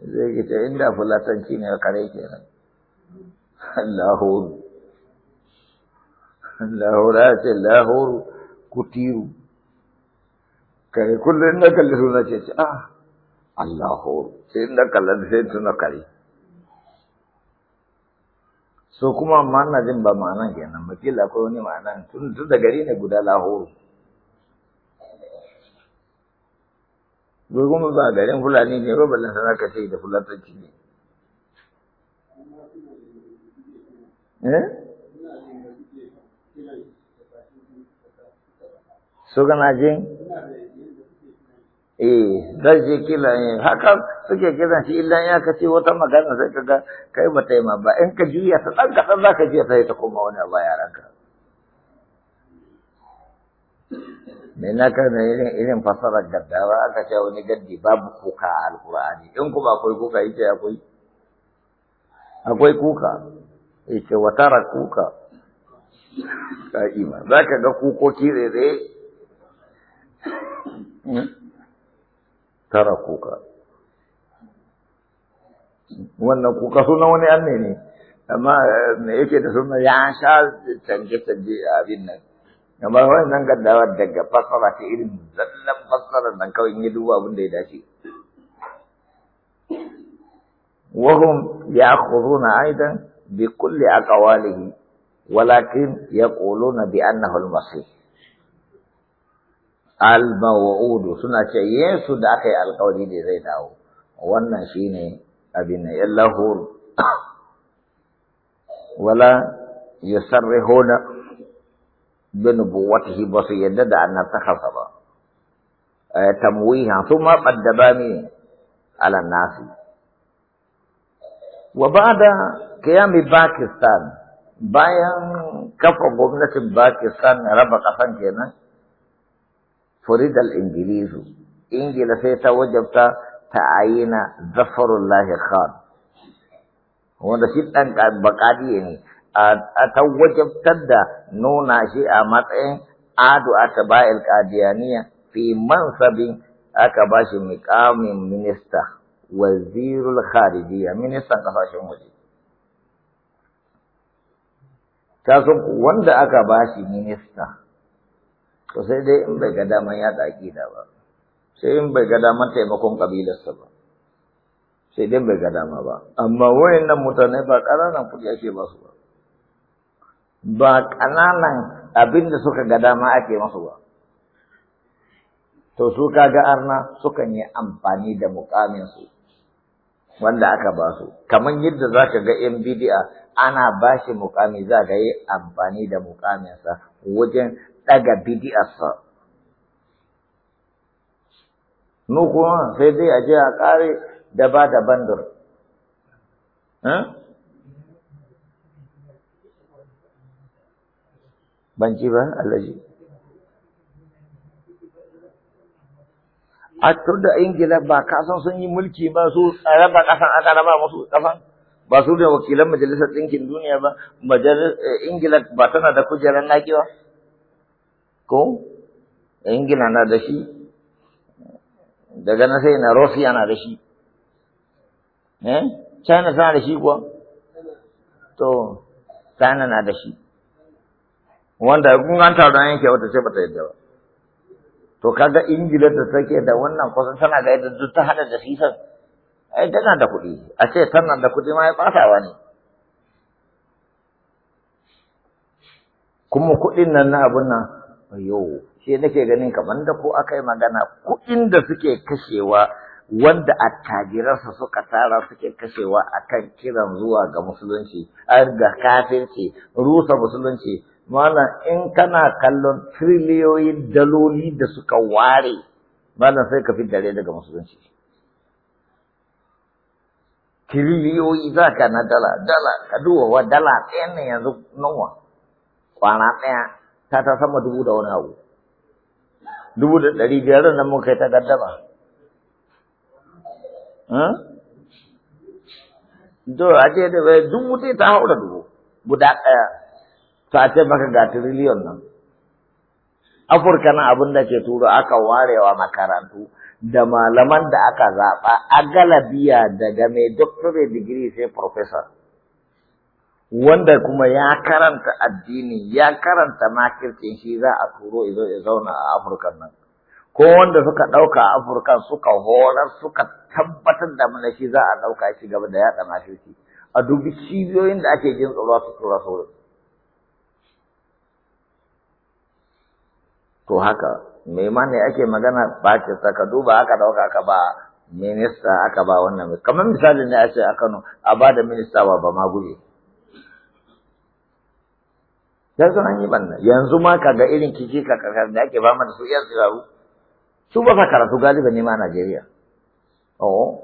زي كده عند فلاتن شيني القرية اللهوري lahorati lahor kutiru كتير كان كل kalli اللي ce ce Allah sai da kallon sai tuna kare so kuma ma'ana jin ba ma'anan kenan ba kila akwai wani ma'anan tun da gari ne guda lahoro Gurgun ba garin fulani ne ba ballan sana ka da fulatanci ne so gana jin eh zai je kila eh, haka suke kiran shi illa ya kace wata magana sai kaga kai ba ta yi ma ba in ka juya ta dan za ka je sai ta koma wani ya yaranka me na ka ne irin irin fasara gaddawa aka ce wani gaddi babu kuka a alqur'ani in kuma akwai kuka yace akwai akwai kuka yace watara kuka ka'ima zaka ga kukoki tsaye tara kuka wannan kuka suna wani an ne ne amma me yake da suna ya sha canje-canje abin nan amma wannan gaddawa daga fassara ta irin zallan fassara nan kawai in yi duba abin da ya dace وهم يأخذون أيضا بكل أقواله ولكن يقولون بأنه المسيح al udu suna ce Yesu da aka yi alkawari da zai dawo wannan shine abin ya lahur wala yusarrihuna bin buwatihi ba su yadda da ta takasa ba eh, tamwiha su ma qaddaba mi ala nasi wa ba'da qiyami Pakistan bayan kafa gwamnatin Pakistan raba kasan kenan فرد الإنجليز إنجل سيتا وجبتا تعيين ظفر الله خان wanda shi ɗan baƙaɗi ne a ta wajabtar da nuna shi a matsayin adu a tabayil ƙadiyaniya fi mansabin aka ba shi miƙamin minista wazirul kharijiya ministan ƙasashen waje ta wanda aka ba shi minista to sai dai in bai ga daman yaɗa aƙida ba sai in bai ga daman taimakon ƙabilarsa ba sai dai bai ga dama ba amma wayannan mutane ba ƙananan kuɗi ake ba ba ba ƙananan abin da suka ga dama ake masu ba to su kaga arna sukan yi amfani da mukamin su wanda aka ba su kamar yadda zaka ga yan ana bashi shi mukami za ka yi amfani da mukaminsa wajen ɗaga bidi'arsa. Mu kuma sai dai aje a ƙare da ba da bandar. Ban ci ba, Alhaji. a tur da ingila ba kasan sun yi mulki ba su raba kasan aka raba musu kasan ba su da wakilan majalisar ɗinkin duniya ba eh, ingila ba tana da kujerar naƙi ba ko ingila na da shi daga na sai na rosiya na da shi eh china tana da shi kuwa to china na da shi wanda kun an taru an yanke wata ce bata yadda ba to kaga ingila da take da wannan kusan tana ga yadda duk ta hada da fisan ai tana da kuɗi a ce tana da kuɗi ma ya ɓatawa ne kuma kuɗin nan na abun nan Yo, shi nake ganin kamar da ko akai magana kuɗin da suke kashewa wanda attajiransa suka tara suke kashewa akan kiran zuwa ga musulunci, ga kafirci, rusa musulunci. Malam in kana kallon triliyoyin daloli da suka ware, malam sai ka fi dare daga musulunci. Triliyoyi za ka na dala, dala, ka wa dala ɗaya ne yanzu nawa, kwana ɗaya. ta ta sama dubu da wani abu dubu da ɗari biyar nan muka yi ta gaddama hmm? to a ce da bai dubu dai ta haura dubu guda ɗaya to a ce maka ga tiriliyon nan afirka na abin da ke turo aka warewa makarantu da malaman da aka zaɓa a galabiya daga mai doctorate digiri sai professor wanda kuma ya karanta addini ya karanta makircin shi za a turo izo ya zauna a Afirka nan ko wanda suka ɗauka a Afirka suka horar suka tabbatar da mana shi za a ɗauka shi gaba da yaɗa makirci a dubi cibiyoyin da ake jin tsoro su tura su to haka mai ma ne ake magana bakin sa ka duba aka ɗauka aka ba minista aka ba wannan kamar misalin ne a ce a Kano a ba da minista ba ba ma guje dan sun an yi banna yanzu ma kaga irin kiki ka karkar da ake ba da su yanzu tsiraru su ba fa karatu galiba ne ma a Najeriya oh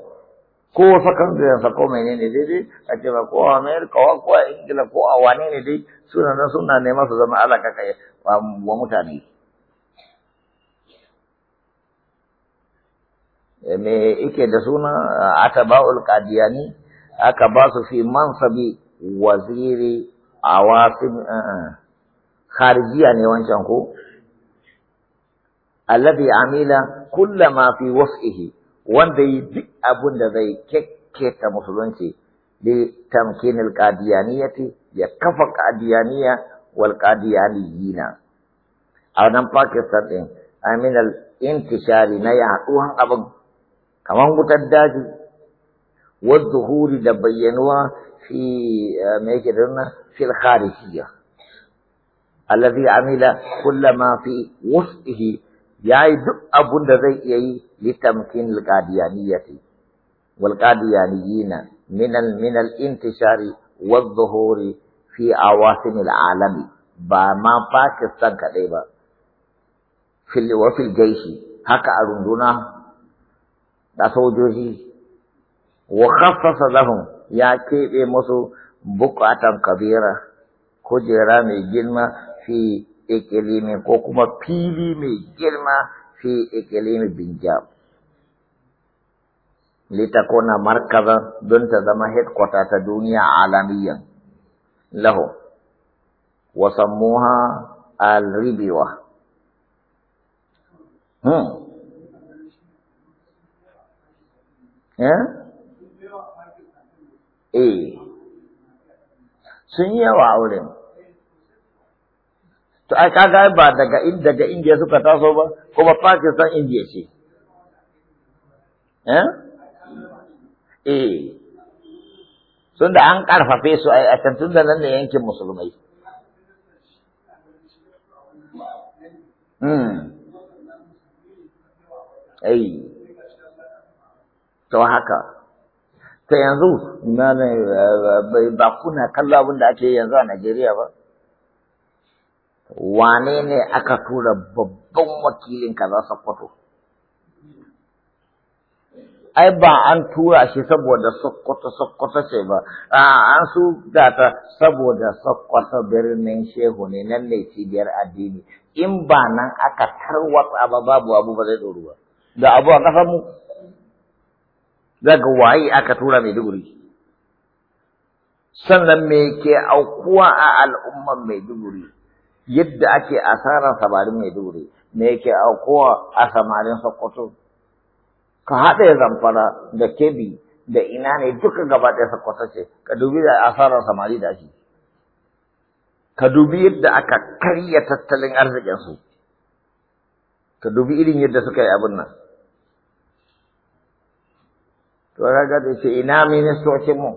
ko da sa ko menene dai dai a ce ba ko a Amerika ko a Ingila ko a wane ne dai suna nan suna ne masu zama alaka kai wa mutane eh, me yake da suna ataba'ul qadiyani aka ba su fi mansabi waziri عواصم آه، آه. خارجية نيوانشانكو يعني الذي عمل كل ما في وصفه وان ذي أبن ذي كيكيتا مسلونسي لتمكين القاديانية يكفى القاديانية والقاديانيين أنا باكستان أمين آه، الانتشار نيا أبن كمان متداجي والظهور da bayyanuwa fi me yake da في الخارجية الذي عمل كل ما في وسطه yayi duk abun da zai iya yi litamkin alqadiyaniyati wal qadiyaniyina min al min al intishari wal zuhuri fi awasim al alami ba ma Pakistan kadai ba fil wa fil jaishi haka a runduna da sojoji wa khassasa lahum ya keɓe musu bukatan kabira kujera mai girma fi ikilimi ko kuma fili mai girma fi ikilimi binjab litakona markaza don ta zama headquarter ta duniya alamiyan lahu wa sammuha al-ribiwa hmm yeah? eh sun yi yawa wurin to ai kaga ba daga daga indiya suka taso ba kuma pakistan indiya ce eh eh tun da an karfafe su ai a can tun da nan ne yankin musulmai Mm. Ai, to haka. ta yanzu eh, ba kuna kallo abin da ake yanzu a Najeriya ba. Wane ne aka tura babban wakilin kaza Sokoto? Ai ba an tura shi saboda Sokoto Sokoto ce ba, an su gata saboda Sokoto birnin Shehu ne nan ne cibiyar addini, in ba nan aka tarwatsa ba babu abu ba zai ɗoru ba, da abu a ƙasar mu. zaga waye aka tura Maiduguri sannan me ke aukuwa a al'umman Maiduguri yadda ake asarar samarin Maiduguri me yake aukuwa a samarin Sokoto ka haɗa zamfara da kebi da ina ne duka gaba ɗaya Sokoto ce ka dubi da asarar samari da shi. ka dubi yadda aka karya tattalin arzikinsu ka dubi irin yadda suka yi abin nan to kaga da ce ina ministocin mu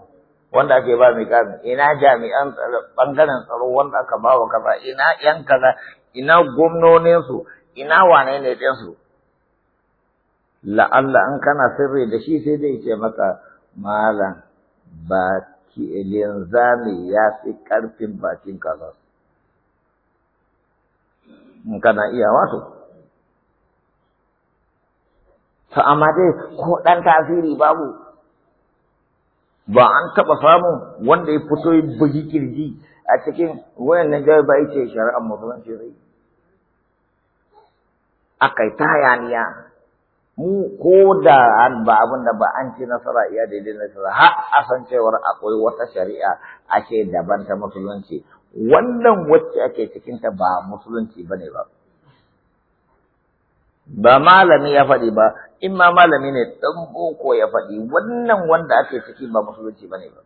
wanda ake ba mai kami ina jami'an bangaren tsaro wanda aka ba wa kaza ina yan kaza ina gwamnonin su ina wane ne din su la'alla an kana sirri da shi sai dai ce maka malam ba ki linzami ya fi karfin bakin kaza in kana iya wato to amma dai ko ɗan tasiri babu ba an taɓa samun wanda ya fito ya bugi kirji a cikin wayannan jawai ba yake shari'ar musulunci rai akai ta hayaniya mu ko da an ba abin da ba an ci nasara iya daidai nasara har a san cewar akwai wata shari'a ake daban ta musulunci wannan wacce ake cikinta ba musulunci bane ba ba malami ya faɗi ba in ma malami ne ɗan boko ya faɗi wannan wanda ake ciki ba musulunci bane ba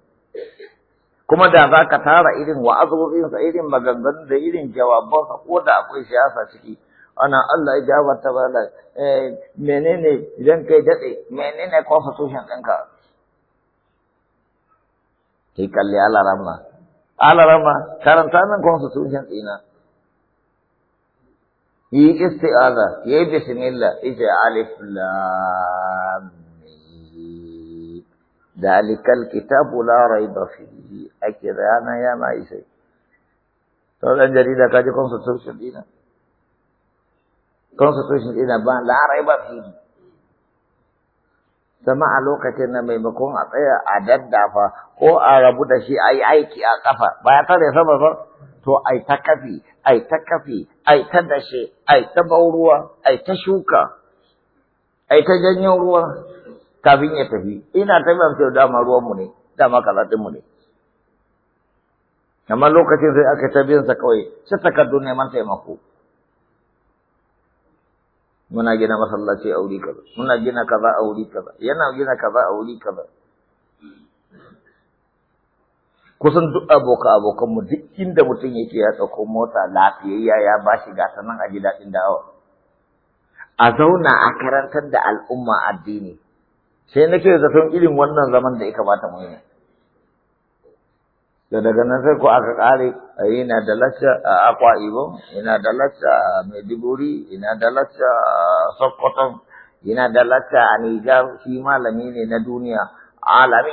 kuma da za ka tara irin wa'azozinsa irin maganganu da irin jawabansa ko da akwai siyasa ciki ana Allah ya jabarta ba da eh, menene idan kai daɗe menene tushen ɗinka kai kalli alarama alarama karanta nan tushen ɗina yi isti'aza yayi bismillah ija alif lam dalikal kitabu la raiba fihi ake rana yana isai to dan jarida kaje constitution dina constitution dina ba la raiba fihi sama a lokacin na maimakon a tsaya a daddafa ko a rabu da shi a yi aiki a kafa ba ya tare sama ba to ai ta kafi ai ta kafi ai ta dashe ai ta bauruwa ai ta shuka ai ta janyo ruwa kafin ya tafi ina ta ba dama ruwan mu ne dama karatun mu ne amma lokacin sai aka ta biyan sa kawai sai takardu neman taimako muna gina masallaci a wuri kaza muna gina kaza a wuri kaza yana gina kaza a wuri kaza kusan duk aboka mu duk inda mutum yake ya tsako mota lafiyayya ya ba shi gasa nan a ji daɗin da'awa a zauna a karantar da al'umma addini sai nake zaton irin wannan zaman da ya kamata mu yi da daga nan sai ko aka kare ina da lacca a akwa ibo ina da lacca a maiduguri ina da lacca a sokoton ina da lacca a nijar shi malami ne na duniya alami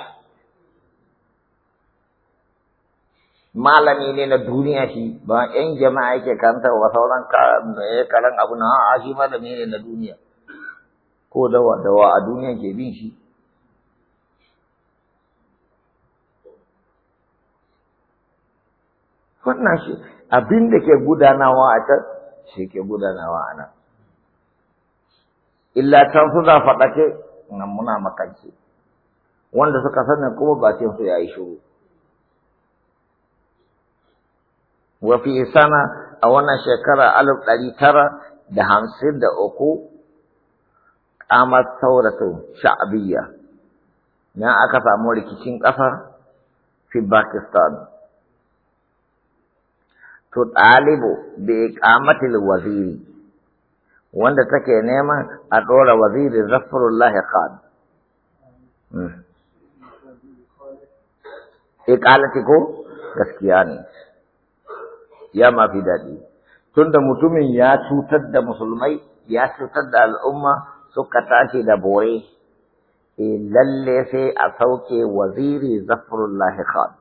malami ne na duniya shi ba yan jama'a yake karanta wa sauran eh, karan abu na a shi malami ne na duniya ko dawa dawa a duniya ke bin shi wannan shi abin da ke gudanawa a can shi ke gudanawa a nan illa can suna faɗake nan muna makance wanda suka sanin kuma ba su ya yi shuru wafi sana a wannan shekara alif ɗari tara da hamsin da uku ƙamar sauratu sha'abiyya na aka samu rikicin ƙasa fi Pakistan. To ɗalibu da iƙamatil waziri wanda take neman a ɗora waziri zafarullahi khan. Hmm. Iƙalati ko gaskiya ne. ya ma fi daɗi tunda mutumin ya cutar da musulmai ya cutar da al'umma suka tashi da bore e lalle sai a sauke waziri zafrullahi khan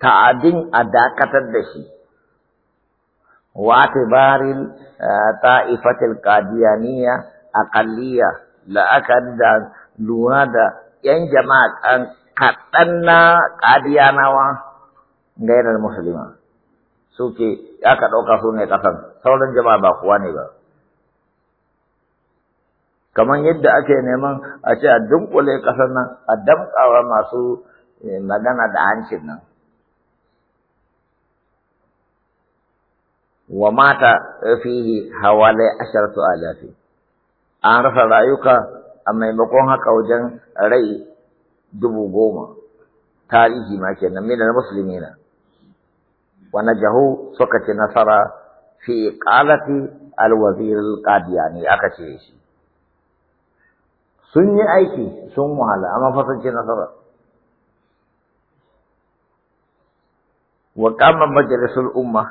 ta'adin a dakatar da shi واعتبار طائفة القاديانية أقلية لأكد لورادا ين جماعة أن قتلنا قاديانا غير المسلمين suke aka ɗauka su ne ƙasan sauran jama'a ba kuwa ne ba kamar yadda ake neman a ce a dunkule ƙasar nan a damƙawa masu eh, magana da hancin nan wa mata fihi hawalai asharatu alafi an rasa rayuka a maimakon haka wajen rai dubu goma tarihi ma kenan na musulmi na ونجحوا سكت نصر في قالة الوزير القادياني أكشي sun yi aiki sun wahala amma fasance nasara wa majalisar umma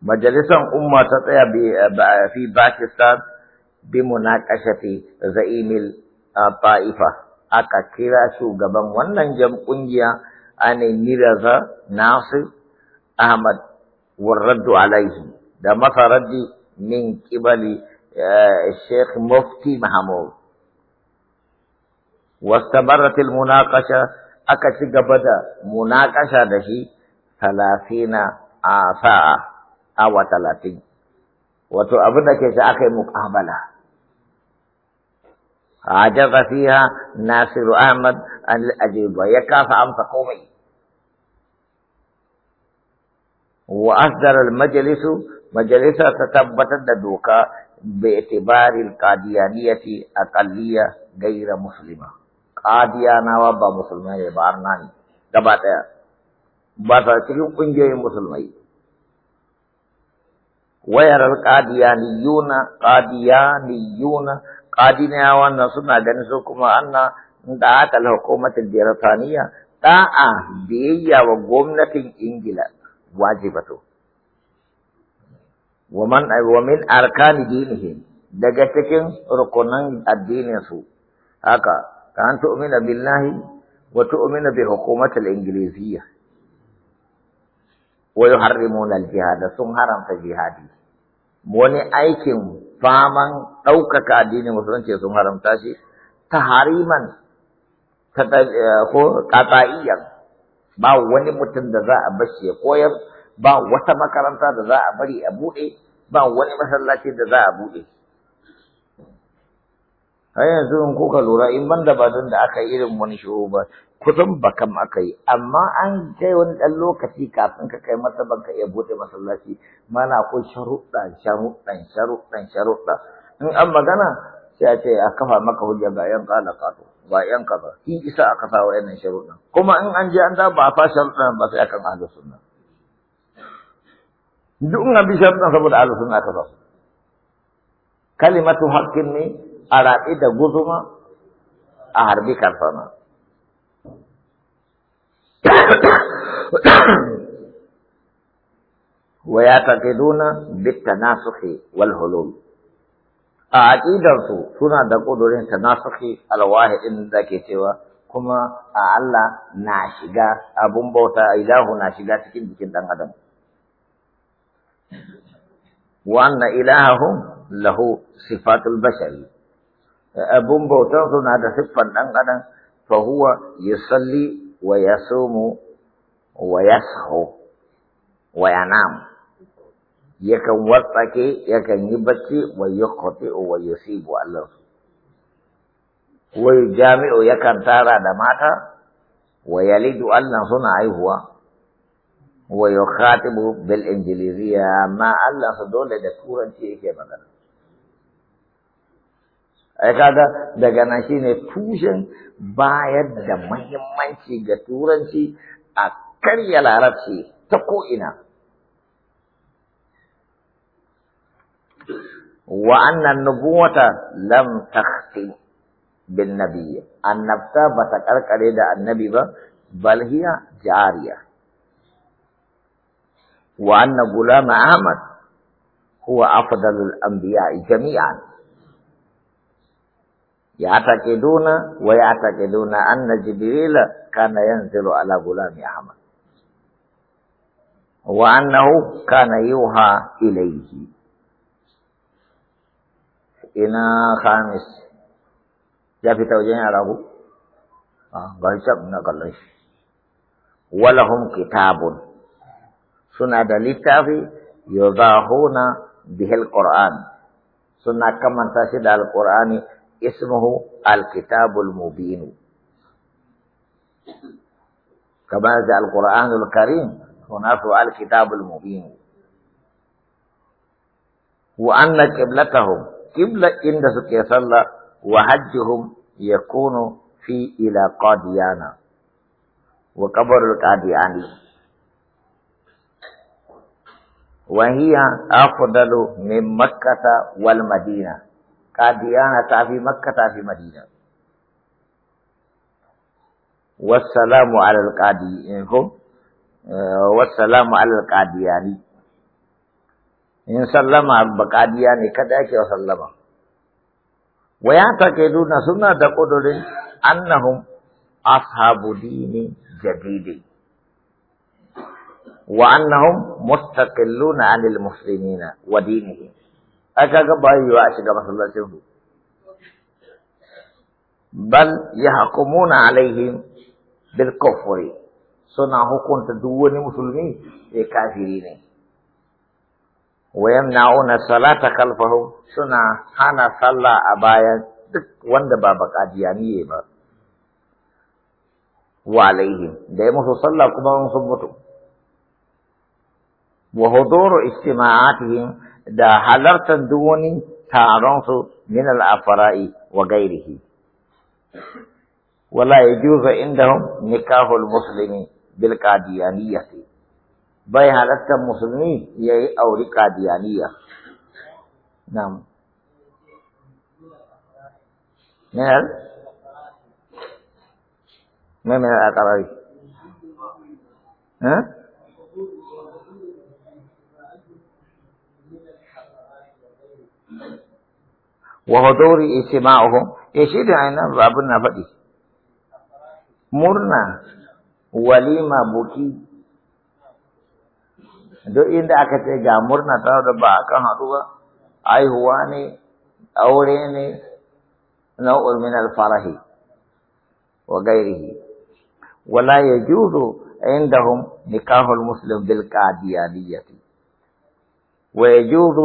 majalisar umma ta tsaya fi pakistan bi munaqashati za'imil ta'ifa aka kira shugaban wannan jam kungiya ane miraza nasir أحمد والرد عليه ده متى ردي من قبل آه، الشيخ مفتي محمود واستمرت المناقشة أكتب قبدا مناقشة ده ثلاثين ساعة أو ثلاثين وتؤبد كيس أخي مقابلة عجز فيها ناصر أحمد الأجيب ويكاف أمس قومي وأصدر المجلس مجلس تثبت دوكا باعتبار القاديانية أقلية غير مسلمة قاديانا وابا مسلمين بارناني دبات قبات بات تكون قنجي مسلمين ويرى القاديانيون قاديانيون قادينا وانا سنة جنسوكما أن دعاة الحكومة البريطانية طاعة بيئة وقومنة إنجلترا wajibatu wa man wa min arkani dinihim daga cikin rukunan addinin su haka an tu'mina billahi wa tu'mina bi hukumatil ingiliziyya wa yuharrimuna al-jihad sun haramta jihadi wani aikin faman ɗaukaka addinin musulunci sun haramta shi tahariman eh, ko qata'iyan ba wani mutum da za a bashi ya koyar ba wata makaranta da za a bari a buɗe ba wani masallaci da za a buɗe har yanzu in kuka lura in ban da badun da aka yi irin wani shiru ba kusan bakam aka yi amma an kai wani ɗan lokaci kafin ka kai masa banka iya buɗe masallaci mana akwai sharuɗa sharuɗan sharuɗan sharuɗa in an magana sai a ce a kafa maka hujja ga yan ƙala ƙato ba yan kaza shi isa aka sa wayannan sharuɗa kuma in an ji an da ba fa sharuɗa ba sai akan ahlus sunna duk in bi sharuɗa saboda ahlus sunna aka sa kalimatu haqqin ne a raɓe da guzuma a harbi karsana ويعتقدون بالتناسخ والهلول a su suna da kudurin tanasuki alwahidin da ke cewa kuma a Allah na shiga abun bauta ilahu na shiga cikin jikin ɗan adam wa anna lahu sifatul bashari abun bautar suna da siffan dan adam fa huwa yusalli wa yasumu wa yashu wa yanam yakan watsake yakan yi bacci wa yukhti'u wa bu Allah wa jami'u yakan tara da mata wa yalidu Allah suna haihuwa wa yukhatibu bil injiliziya ma Allah su dole da turanci yake magana ai kaga daga nan ne tushen bayar da mahimmanci ga turanci a karya larabci ta ko ina وأن النبوة لم تختي بالنبي النبتة بتكرك عليه النبي بل هي جارية وأن غلام أحمد هو أفضل الأنبياء جميعا يعتقدون ويعتقدون أن جبريل كان ينزل على غلام أحمد وأنه كان يوحى إليه إنا خامس يا في توجيه أراه غير نقلش ولهم كتاب سنة لتافي يضاهون به القرآن سنة كما تسد القرآن اسمه الكتاب المبين كما تسد القرآن الكريم هنا الكتاب المبين وأن قبلتهم قبل عند سكي صلى وحجهم يكون في إلى قاديانا وقبر القاديان وهي أفضل من مكة والمدينة قاديانا في مكة في مدينة والسلام على القاديين آه، والسلام على القاديانين in sallama baƙadiya ne kada ake wa sallama wa ya taqiduna suna da ƙudurin annahum ashabu dini jadidi wa annahum mustaqilluna anil muslimina wa dinihi aka ga bayuwa a shiga masallacin su bal yahkumuna alaihim bil kufri suna hukunta duk wani musulmi sai kafiri ne ويمنعون الصلاة خلفهم سنة حنا صلى أبايا دك وند بابك أديانية با وعليهم دائما صلى كما صبتوا وحضور اجتماعاتهم دا حضرت دون تعرنس من الأفراء وغيره ولا يجوز عندهم نكاح المسلم بالقاديانية bai halattar musulmi ya yi auri kadiyaniya nam menar menar a ƙarari wa huduri isma'uhum ya eh, shi da aina abin na faɗi murna walima buki duk inda aka ce ga murna ta da ba a kan haɗuwa aihuwa ne aure ne nau'ul min al-farahi wa gairihi wala yajuzu عندهم نكاح المسلم بالقاديانية ويجوز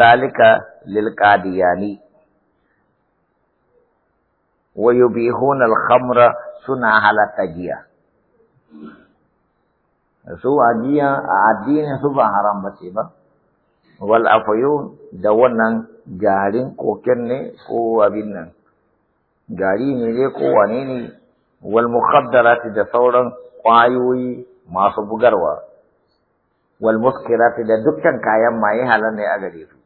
ذلك للقادياني ويبيحون الخمر سنة على تجيه su ajiya a addinin su ba haram ba ce ba wal afayo da wannan garin koken ne ko abin nan gari ne dai ko wane ne wal da sauran kwayoyi masu bugarwa wal muskirati da dukkan kayan maye halar ne a gare su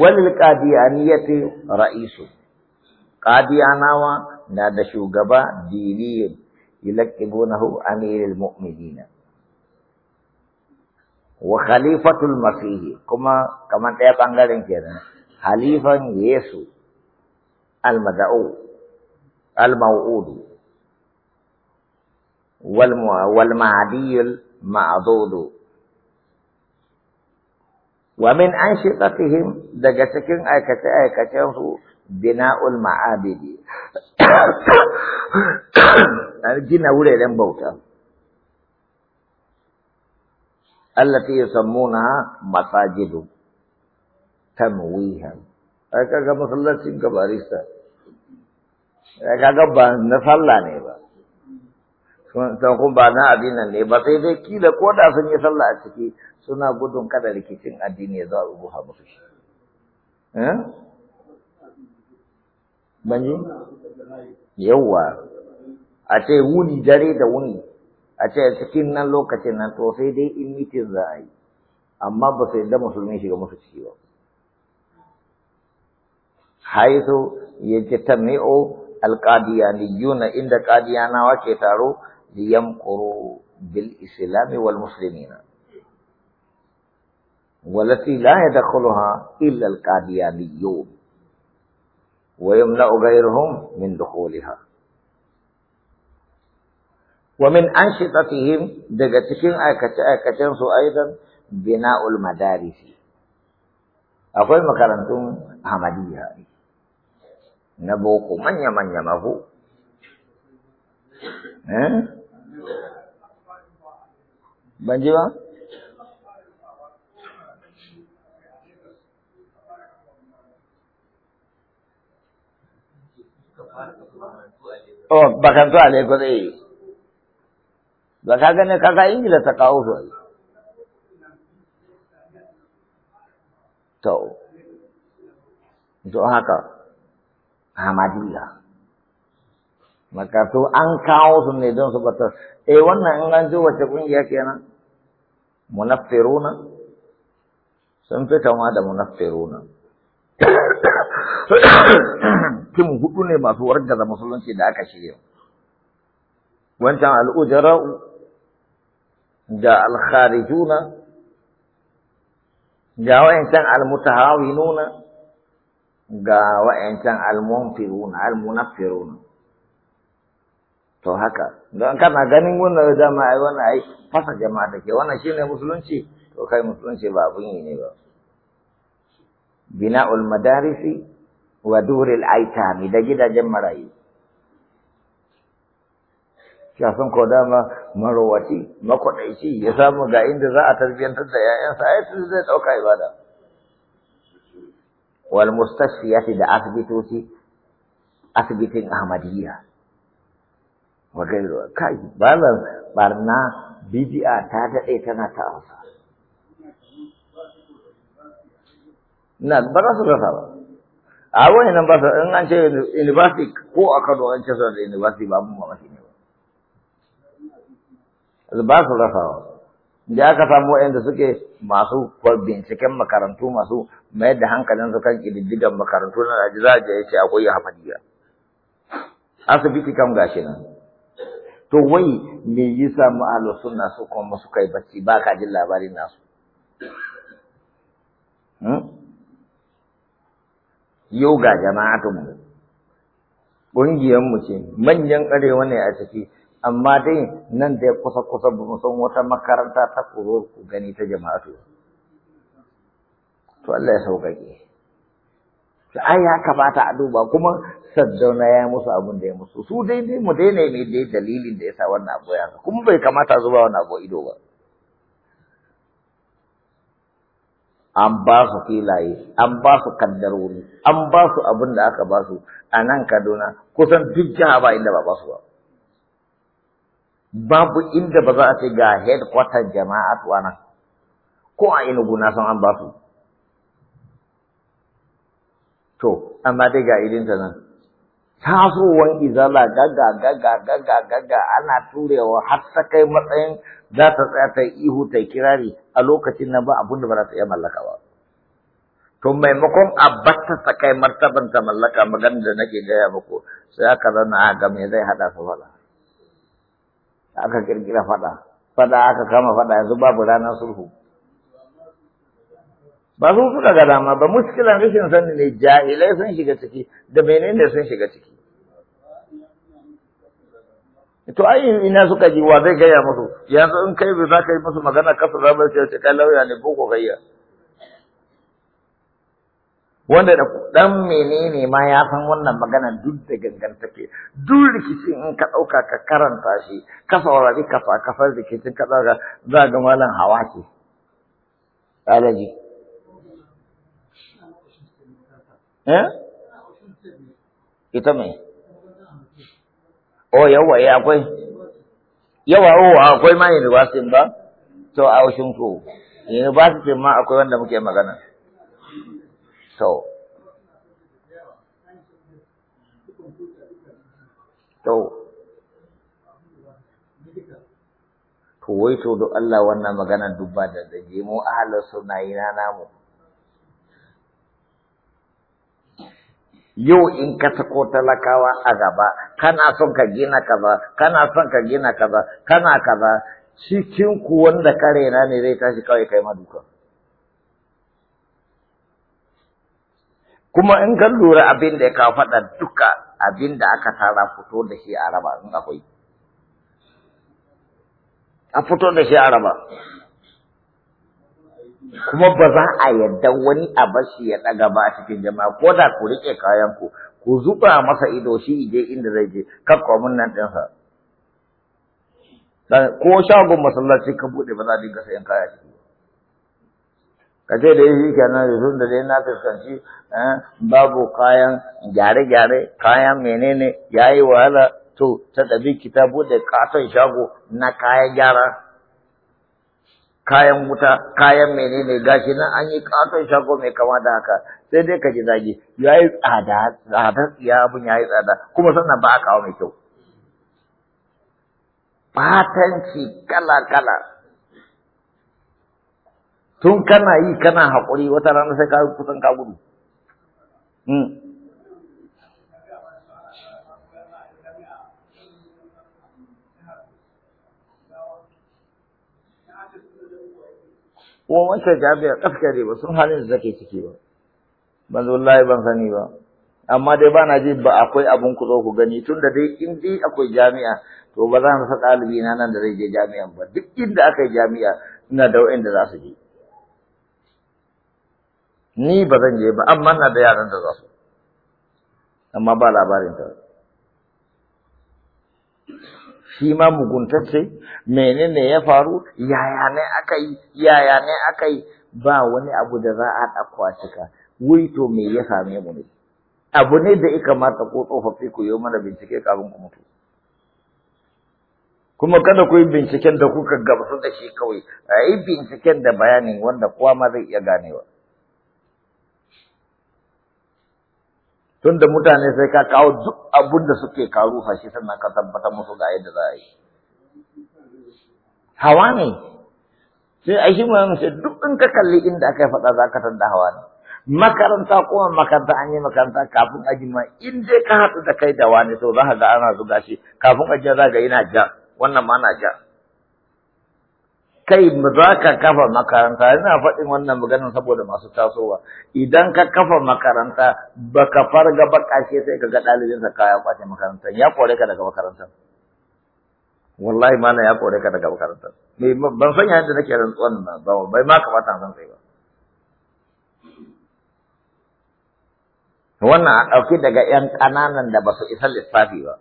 wal qadiyaniyati ra'isu qadiyanawa na da shugaba diliyun yulaqibunahu amirul mu'minin wa khalifatul masih kuma kamar ɗaya bangaren kenan halifan yesu al-mad'u al-maw'ud wal wal ma'diyul ma'dudu wa min anshitatihim daga cikin aikace-aikacensu bina'ul ma'abidi gina wuraren bauta allati yusammuna masajidu tanwihan ai kaga masallacin gabarista ai kaga ba na sallah ne ba sun kun ba na addinan ne ba sai dai kila ko da sun yi sallah a ciki suna gudun kada rikicin addini ya zo a rubuta musu shi eh? Manyi yawwa a ce wuni dare da wuni a ce cikin nan lokacin nan to sai dai in mitin za a yi amma ba sai da musulmi shiga musu ciki ba haitu yajtami'u alqadiyaniyuna inda qadiyanawa ke taro liyamkuru bil islami wal muslimina ha لا يدخلها إلا القاديانيون wa yamna'u ghayruhum min dukhuliha wa min anshitatihim daga cikin aikace aikacen su aidan bina'ul madaris akwai makarantun ahmadiyya na boko manya manya mabu eh banjiwa Oh, bakan zuwa Lagos eh. Ba ka gane kaga Ingila ta kawo su ai. To. Don haka Ahmadiyya. Maka an kawo su ne don su batar. Eh wannan an ji wace kungiya kenan? Munaffiruna. Sun fi kama da munaffiruna. mutum hudu ne masu wargaza musulunci da aka shirya wancan al'ujara'u da alkharijuna ga wa'ancan almutahawinuna ga wa'ancan almunfiruna almunaffiruna to haka don kana ganin wannan dama ai wannan ai fasa jama'a take wannan shine musulunci to kai musulunci ba abun yi ne ba bina'ul madarisi wa duril aitami da gidajen marayu shafin ko dama marowaci makwadaici ya samu ga inda za a tarbiyantar da ‘ya'yansa ya su zai ɗauka ibada wal mustashfiyati da asibitoci asibitin ahmadiyya wa gairuwa kai balan barna bidi'a ta daɗe tana ta amsa ina ba za su rasa ba a wani nan ba in an ce university ko a Kano an ce da university ba mun mamaki ne ba ba su rasawa da aka samu wa'anda suke masu binciken makarantu masu mayar da hankalin su kan ƙididdigan makarantu na Najeriya da ya ce akwai hafadiya asibiti kam gashi nan to wai me yasa mu ahlus sunna su kuma suka yi bacci ba ka jin labarin nasu hmm? yau ga jama'atunmu ƙungiyarmu ce manyan arewa ne a ciki amma dai nan da kusa-kusa ba mu san wata makaranta ta kuro ku gani ta jama'atu to Allah ya sauƙaƙe to ai ya kamata a duba kuma saddauna ya musu abin da ya musu su dai dai mu daina ne dai dalilin da yasa wannan abu ya kuma bai kamata zuba wannan abu ido ba an ba su filaye an ba su kaddarori an ba su abin da aka ba su a nan kaduna kusan duk jiha ba inda ba ba su ba babu inda ba za a ce ga headquarter jama'a a nan ko a inugu na san an ba su to amma dai ga idinta nan tasowar izala gaga gaga gaga gaga ana turewa har ta kai matsayin za ta tsaya ta ihu ta kirari a lokacin nan ba abun da ba za ta iya mallaka ba to maimakon a batta ta kai martaban ta mallaka magana da nake gaya muku sai aka zana ga me zai hada su fada aka kirkira fada fada aka kama fada yanzu babu ranar sulhu ba su suka ga dama ba muskilan rashin sani ne jahilai sun shiga ciki da menene sun shiga ciki to ai ina suka ji wa zai gaya musu yanzu in kai ba za ka yi musu magana kasu za ba ce kai lauya ne boko gayya wanda da dan menene ma ya san wannan magana duk da gangan ke? duk rikicin in ka dauka ka karanta shi ka saurari kafa kafar rikicin ka dauka za ga malam hawa ce alaji eh ita me oh yawa ya eh, akwai yawa oh akwai ma university ba to a ushin ko university ma akwai wanda muke magana to to to wai to do Allah wannan magana dubba da daje mu ahlus sunna ina namu yau in ka tako talakawa a gaba kana son ka gina kaza kana son ka gina kaza kana kaza cikin ku wanda ka rena ne zai tashi kawai kai maduka kuma in ka lura abin da ka faɗa duka abin da aka tara fito da shi a raba in akwai a fito da shi a raba kuma ba za a yadda wani a bashi ya ɗaga ba a cikin jama'a ko da ku riƙe kayanku ku zuba masa ido shi je inda zai je ka mun nan ɗinsa ko shagon masallaci ka buɗe ba za a dinga sayan kaya ciki ka ce da shi kenan yanzu da dai na fuskanci eh, babu kayan gyare-gyare kayan menene ya yi wahala to ta ɗabi ki ta buɗe ƙaton shago na kaya gyara kayan wuta kayan menene gashi nan an yi katon shago mai kama da haka sai dai ka ji zagi ya yi tsada tsada ya abin ya yi tsada kuma sannan ba a kawo mai kyau fatanci kala kala tun kana yi kana haƙuri wata rana sai ka kusan ka gudu hmm. ko wancan jami'ar ne ba sun halin da zake ciki ba ban zo ban sani ba amma dai ba na ji ba akwai abun ku zo ku gani tunda dai in dai akwai jami'a to ba za mu sa ɗalibi na nan da zai je jami'an ba duk inda aka yi jami'a ina da wa'inda za su je ni ba zan je ba amma na da yaran da za su amma ba labarin ta ba. shi ma muguntacce menene ya faru yaya ne aka yi yaya ne aka yi ba wani abu da za a ɗauko a cika wuri to me ya same mu ne abu ne da ya kamata ko tsofaffi ku yi mana bincike kafin ku mutu kuma kada ku yi binciken da kuka gamsu da shi kawai a yi binciken da bayanin wanda kowa ma zai iya ganewa tunda mutane sai ka kawo duk abun da suke karu shi sannan ka tabbata musu ga yadda za a yi hawa ne sai a shi mai sai duk in ka kalli inda aka yi faɗa za ka tanda hawa ne makaranta kuma makaranta an yi makaranta kafin a ma in dai ka haɗu da kai da wani to za ka ga ana zuga shi kafin a za ga yana ja wannan ma na ja kai za ka kafa makaranta ina faɗin wannan maganin saboda masu tasowa idan ka kafa makaranta baka farga ba ƙashe sai ka ga sa kaya kwace makaranta, ya kore ka daga makaranta, wallahi ma ya kore ka daga makaranta ban san yadda nake rantsuwan nan ba bai ma kamata san sai ba wannan a ɗauki daga 'yan ƙananan da ba su isa lissafi ba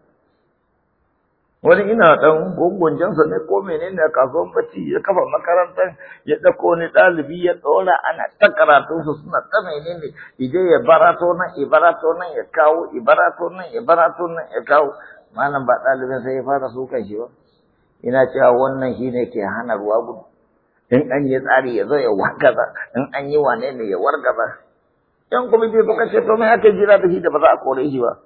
wani ina dan jansa ne ko menene kasuwan bacci ya kafa makarantar ya dako ni dalibi ya dora ana ta karatun su suna ta menene ije ya barato nan ibarato nan ya kawo ibarato nan ibarato nan ya kawo malam ba dalibin sai ya fara kan shi ba ina cewa wannan shine ke hana ruwa gudu in an yi tsari ya zo ya wargaza in an yi wane ne ya wargaza yan kwamiti suka ce to me ake jira da shi da ba za a kore shi ba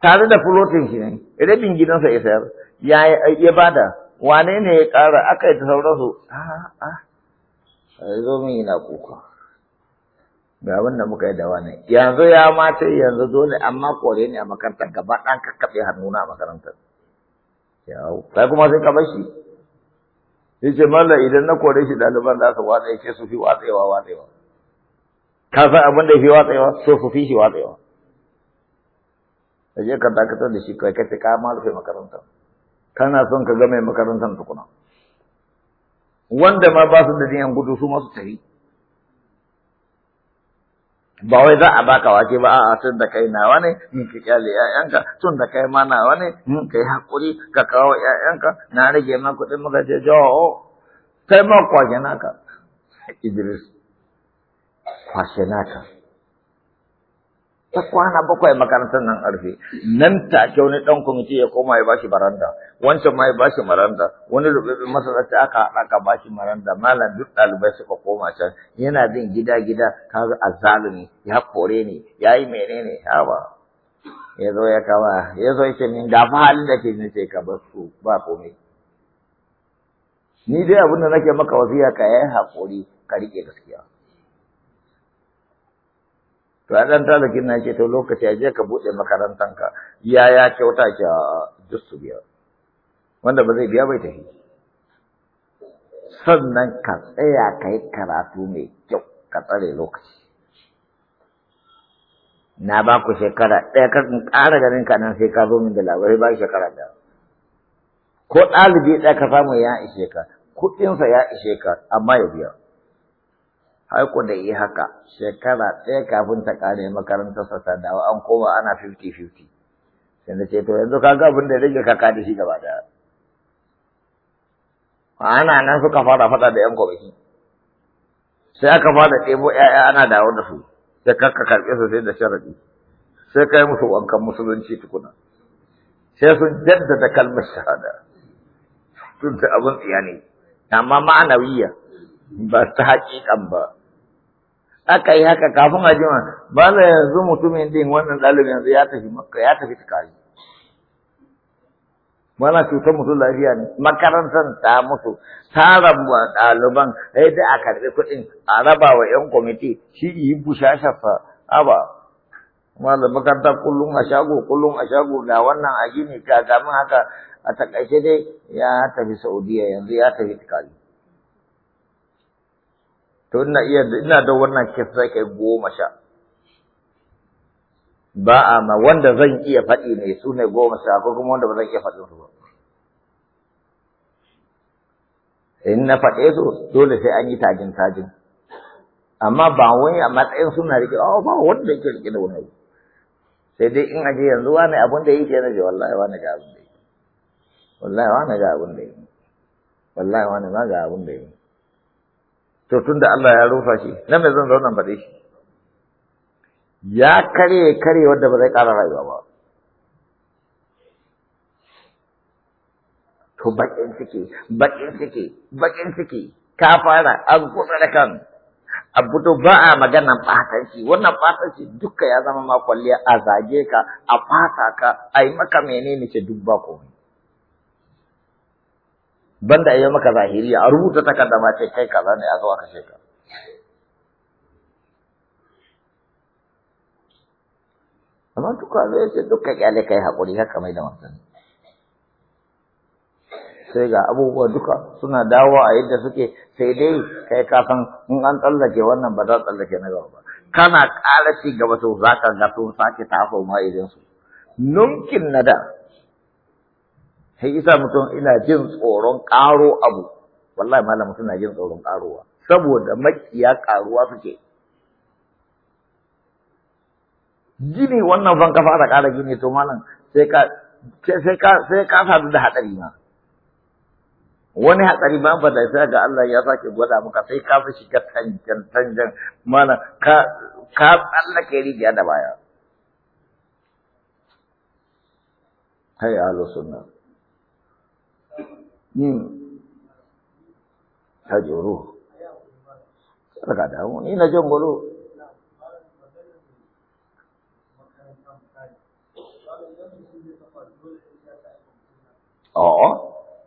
tare da fulotin shi ne rabin gidansa ya sayar ya ya bada wane ne ya ƙara aka yi ta sauransu a a zo min yana kuka ga abin da muka yi da wani yanzu ya mace yanzu dole amma kore ne a makaranta gaba ɗan kakkaɓe hannuna a makarantar yawo kai kuma sai ka shi? ya ce mala idan na kore shi ɗaliban za su watsa ya ce su fi watsewa watsewa ka san abin da ya fi watsewa so su fi shi watsewa ka je ka dakatar da shi kai ka ce ka ma rufe makarantar kana son ka ga mai makarantar tukuna wanda ma ba su da niyan gudu su masu tafi ba wai za a baka wake ba a'a tun da kai nawa ne in ki kyale ƴaƴanka tun da kai ma nawa ne in kai hakuri ka kawo ƴaƴanka na rage ma kuɗin maka ce jawo kai ma kwashe naka Idris kwashe naka ta kwana bakwai makarantar nan arfi nan ta ke wani dan kwamiti ya koma ya bashi baranda wancan ma ya bashi maranda wani rubutun masarauta aka haɗa ka bashi maranda malam duk ɗalibai suka koma can yana bin gida gida Ka ga azalumi ya kore ne yi menene hawa ya zo ya kawa ya zo ce min da fa halin da ke ce ka bar su ba komai ni dai abin da nake maka wasiya ka yi haƙuri, ka rike gaskiya to a ɗan talakin na ce to lokaci a je ka buɗe makarantanka yaya kyauta ke a dusu su biya wanda ba zai biya bai tafi sannan ka tsaya ka yi karatu mai kyau ka tsare lokaci na ba ku shekara ɗaya ka ƙara ganin ka nan sai ka zo min da labarai ba shekara da. ko ɗalibi ɗaya ka samu ya ishe ka kuɗinsa ya ishe ka amma ya biya har ku da yi haka shekara ɗaya kafin ta ƙare makarantar ta dawo an koma ana 50-50 sai na ce to yanzu ka ga abin da ya rage ka da shi gaba da ana nan suka fara faɗa da 'yan kwamiti sai aka fara ɗebo 'ya'ya ana dawo da su sai kakka karɓe su sai da sharaɗi sai kai musu wankan musulunci tukuna sai sun jaddada kalmar shahada sun ta abin tsiya ne amma ma'anawiyya ba ta haƙiƙan ba aka yi haka kafin a jima ba na yanzu mutumin din wannan ɗalibin yanzu ya tafi makka ya tafi tukari mana cutar mutum lafiya ne makarantar ta mutu ta rabuwa ɗaliban sai dai a karɓi kuɗin a raba wa 'yan kwamiti shi yi bushashafa aba malam makarantar kullum a shago kullum a shago ga wannan a gini ka gamin haka a takaice dai ya tafi saudiya yanzu ya tafi tukari to ina iya ina da wannan kes zai kai goma sha ba a ma wanda zan iya faɗi ne su ne goma sha ko kuma wanda ba zan iya faɗi su ba in na faɗe su dole sai an yi tajin tajin amma ba wani a matsayin suna rike a ba wanda yake rike da wani sai dai in aje yanzu wani abin da yake na je wallahi wani ga abin da yake wallahi wani ga abin da yake wallahi wani ma ga abin da yake to tun da Allah ya rufa shi na mai zan zauna faɗe shi ya kare kare wanda ba zai ƙara rayuwa ba to baƙin ciki baƙin ciki baƙin ciki ka fara an kusa da kan abu to ba a maganan ɓatanci wannan shi duka ya zama ma kwalliya a zage ka a fata ka a yi maka menene ce duk ba komai banda ayi maka zahiri a rubuta takaddama ce kai kaza ne a zo aka ce ka amma duka zai ce duka kyale kai hakuri haka mai da martani sai ga abubuwa duka suna dawo a yadda suke sai dai kai ka san in an tsallake wannan ba za tsallake na gaba ba kana ƙara ci gaba to za ka ga sun sake tafa ma idan su numkin na da sai isa mutum ina jin tsoron ƙaro abu wallahi malam mutum na jin tsoron ƙarowa saboda makiya ƙaruwa suke gini wannan ban ka fara ƙara gini to malam sai ka sai ka sai ka sadu da hatsari ma wani hatsari ba ba da sai ga Allah ya sake gwada maka sai ka fi shiga tanjan tanjan malam ka ka tsallake rijiya da baya kai ahlus sunnah yin tajuru daga damu ni na jan gwalo a'a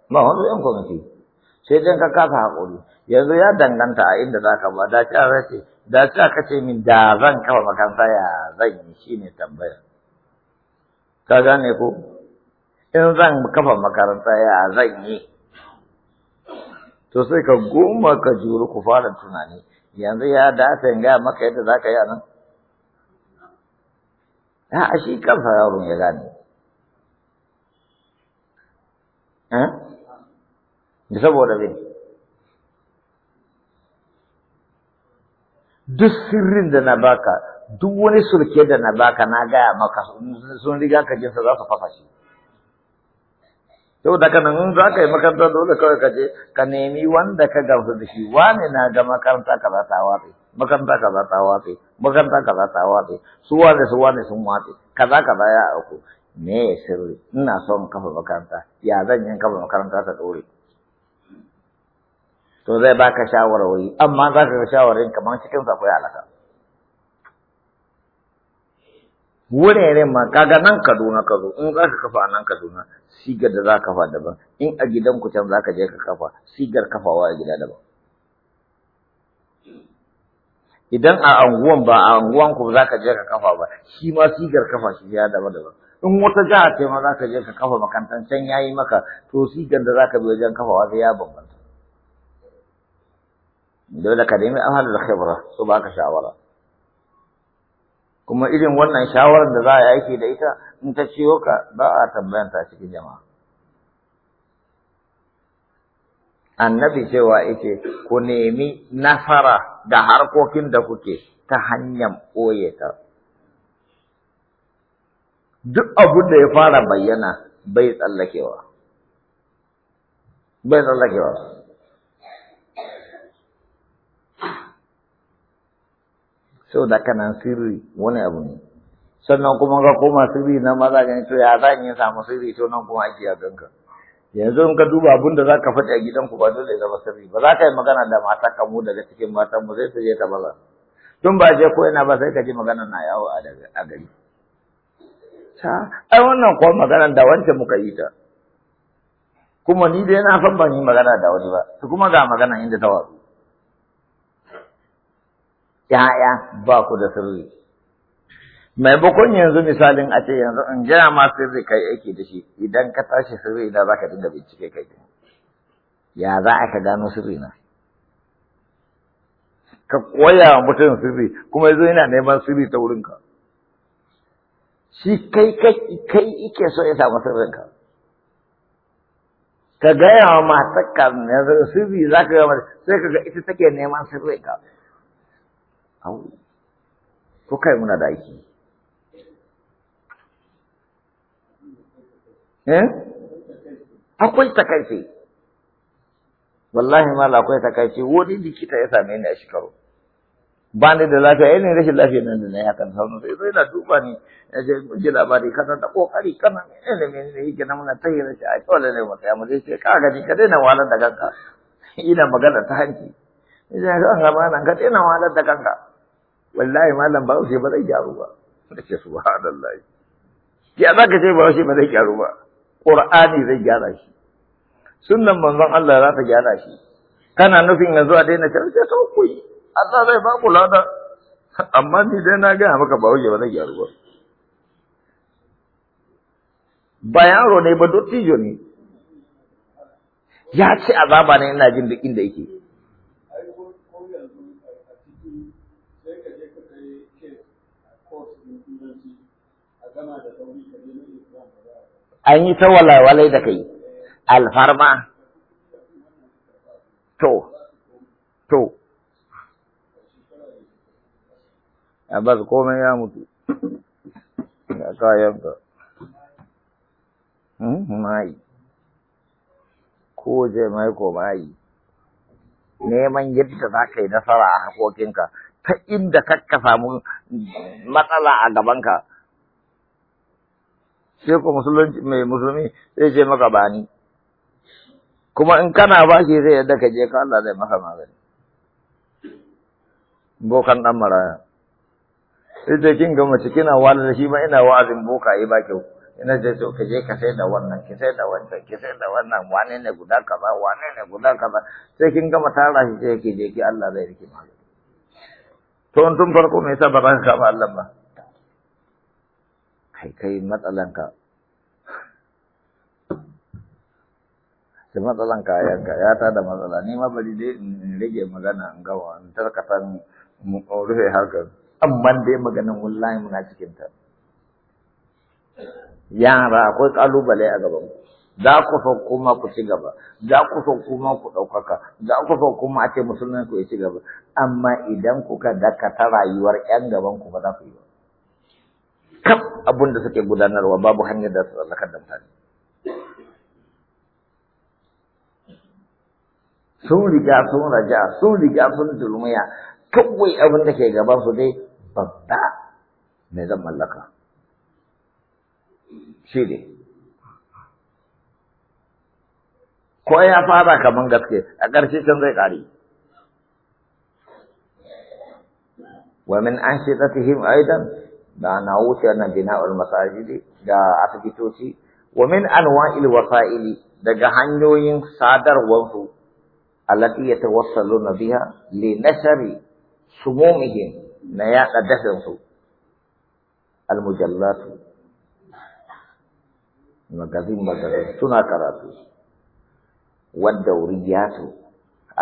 ba wani yan kwamiti sai dan ka kafa haƙuri. yanzu ya danganta a inda za ka ba da ta race da ta kace min da zan kafa makaranta ya zan yi shi ne tambaya ka gane ko in zan kafa makaranta ya zan yi to sai ka goma ka juri ku fara tunani yanzu ya dace in gaya maka yadda za ka yi a nan a shi kansa yaron ya gane da eh? saboda bai duk sirrin da na baka duk wani sulke da na baka na gaya maka sun riga ka jinsa za su fasa shi Sau da kanan in za ka yi makaranta dole kawai ka je ka nemi wanda ka gamsu da shi wane na ga makaranta ka za ta watsa makaranta ka za ta watsa makaranta ka za ta watsa su wane su wane sun watse kaza kaza ya auku me ya sirri ina son kafa makaranta ya zan yin kafa makaranta ta dore to zai baka shawarwari amma za ka ga shawarin kamar cikin akwai alaka wuraren ma kaga nan Kaduna ka zo in za ka kafa a nan Kaduna sigar da za ka kafa daban in a gidan ku can za ka je ka kafa sigar kafawa a gida daban idan a anguwan ba a anguwan ku za ka je ka kafa ba shi ma sigar kafa shi ya daban daban in wata jiha ce ma za ka je ka kafa makantan can ya yi maka to sigar da za ka bi wajen kafawa sai ya bambanta dole ka nemi ahalul khibra su ba ka shawara kuma irin wannan shawarar da za a yi aiki da ita in ta ciyo ka ba a tambayan ta cikin jama'a annabi cewa yake ku nemi nasara da harkokin da kuke ta hanyar ɓoye ta duk abin da ya fara bayyana bai tsallakewa bai tsallakewa sau da kana sirri wani abu ne sannan kuma ka koma sirri na maza ne to ya za in samu sirri to nan kuma ake a ganka yanzu in ka duba abin da za ka faɗi a gidanku ba dole ya zama sirri ba za ka yi magana da mata ka mu daga cikin mata mu sai su je ta baza tun ba je ko ina ba sai ka ji magana na yawo a gari ta ai wannan kuwa magana da wancan muka yi ta kuma ni dai na san ban yi magana da wani ba to kuma ga magana inda ta wasu ya'ya ba ku da sirri Mai maimakon yanzu misalin a ce yanzu in gaya ma sirri kai aiki da shi idan ka tashi sirri na za ka dinga bincike kai ya za a ka gano sirri na ka koya wa mutum sirri kuma yanzu yana neman sirri ta wurinka shi kai kai kai ike so ya samu sirrinka ka gaya wa matarka yanzu sirri za ka gama sai ka ga ita take neman sirrinka ko kai muna da aiki. Eh? Akwai takaice. Wallahi la akwai takaice wani likita ya same ni a shekaru. Ba ni da lafiya, ina rashin lafiya nan da na yi hakan saunu sai sai na duba ni na je ji labari kana da kokari kana ilimin ne yake na muna tayi rashin a kyau ne mu kai mu dai sai ka gani ka daina walar da kanka. Ina magana ta hanci. Ina ga nan ka daina walar da kanka. wallahi malam ba ba zai gyaru ba suka ce subhanallahi ya za ka ce ba ba zai gyaru ba qur'ani zai gyara shi sunnan manzon Allah za ta gyara shi kana nufin yanzu a daina cewa ce to ku Allah zai ba ku lada amma ni dai na ga maka ba ba zai gyaru ba ba yaro ne ba dottijo ne ya ce azaba ne ina jin duk inda yake an yi ta walawalai da kai alfarma to to bas komai ya mutu kayan kayanka hmm, mai ko je mai ko mai neman yadda za ka yi nasara a haƙoƙinka ta inda ka samu matsala a gabanka sai ko musulunci mai musulmi zai ce maka bani kuma in kana ba shi zai yadda ka je ka Allah zai maka magani bokan dan maraya ita kin ga mace kina wala da shi ma ina wa'azin boka yi ba kyau ina da to ka je ka sai da wannan ki sai da wannan ki sai da wannan wane ne guda kaza wane ne guda kaza sai kin gama ra shi sai ki je ki Allah zai riki magani to tun farko me yasa ba ka kama Allah ba kai kai matsalanka da matsalan ya ta da matsala ni ma bari dai in rage magana in gawa in tarkata mu rufe haka amma dai maganan wallahi muna cikin ta yara akwai kalubale a gaban ku za ku fa kuma ku ci gaba za ku fa kuma ku ɗaukaka za ku fa kuma a ce musulmai ku ci gaba amma idan kuka dakata rayuwar 'yan gaban ku ba za ku yi ba kaf abin da suke gudanarwa babu hanyar da su tsallakar da mutane sun riga sun raja sun riga sun dulmiya kawai abin da ke gaban su dai babba mai zan mallaka shi ne ko ya fara kaman gaske a ƙarshe can zai ƙari. wa min an shi tsatihim aidan بان اوثرنا بناء المساجد دا اسبيتوسي ومن انواع الوسائل دا غانيوين صادر وهو التي يتوصلون بها لنشر سمومهم نيا قدسهم المجلات المجازين مجازين تنا كراتو والدوريات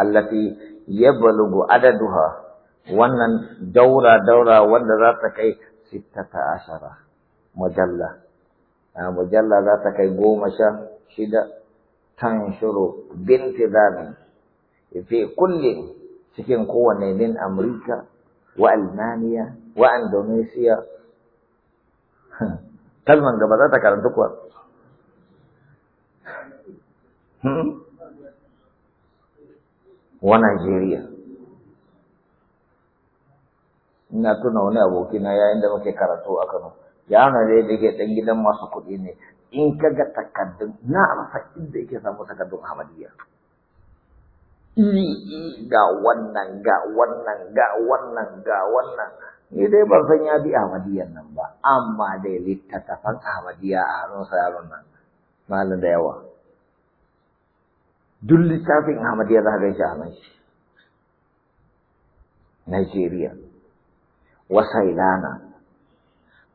التي يبلغ عددها wannan daura daura wanda za ta kai sittata ashara mujalla a ah, mujalla za ta kai goma sha shida binti zami fi kulli cikin kowane min amurka wa almaniya wa indonesia kalman gaba za ta karanta kuwa hmm? wa nigeria ina tuna wani abokina yayin da muke karatu a Kano yaro dai da ke dan gidan masu kuɗi ne in ka ga takaddun na amsa inda yake samu takaddun Ahmadiyya iri ga wannan ga wannan ga wannan ga wannan ni dai ban san ya bi Ahmadiyyan nan ba amma dai littattafan Ahmadiyya a hannunsa yaron nan malam da yawa duk littafin Ahmadiyya za ka gan shi a nan shi Najeriya وسيلانا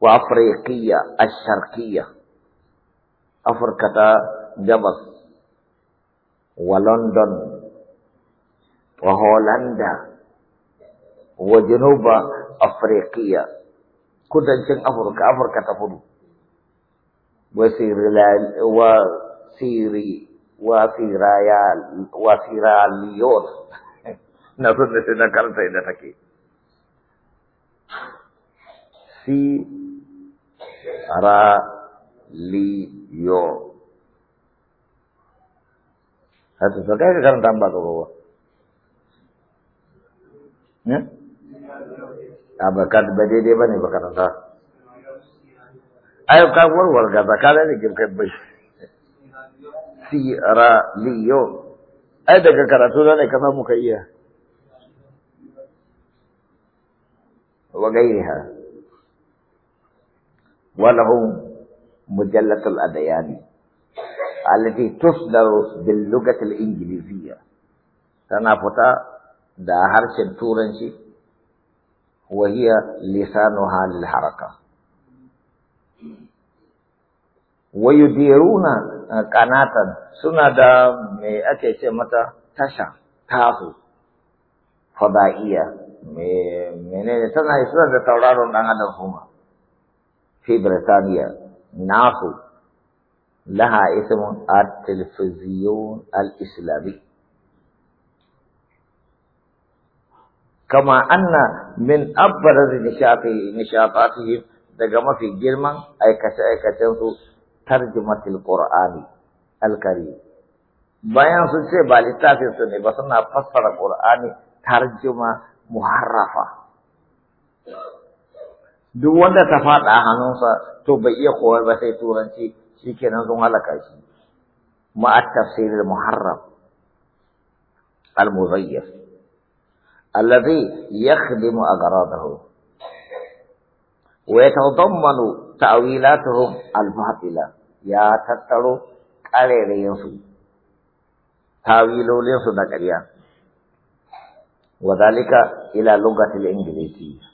وأفريقيا الشرقية أفريقيا جبس ولندن وهولندا وجنوب أفريقيا كتنشن أفريقيا أفريقيا تفضل وسيريال وسيري وسيرايال وسيراليون نظن سنة كانت إذا تكي si li yo si li yo daga karatu da ne eh, ka ka iya ولهم مجلة الأديان التي تصدر باللغة الإنجليزية فتا دا هرش تورنشي وهي لسانها للحركة ويديرون قناة سنة دا مي أكيش متى تشا تاسو فضائية مي منين سنة دا تورارون أنا دا هما في بريطانيا ناخو لها اسم التلفزيون الإسلامي كما أن من أبرز نشاطاتهم دقم في جرما أي كشأي ترجمة القرآن الكريم بيان سلسة بالتا سنة بسنا فسر القرآن ترجمة محرفة duk wanda ta fada hannunsa to bai iya koyar ba sai turanci shikenan sun halaka shi ma'at tafsiril muharram al-muzayyaf alladhi yakhdimu agradahu wa yatadammanu ta'wilatuhum al-batila ya tattaro ƙarerayen su tawilolin su da ƙarya wa zalika ila lugatil ingilizi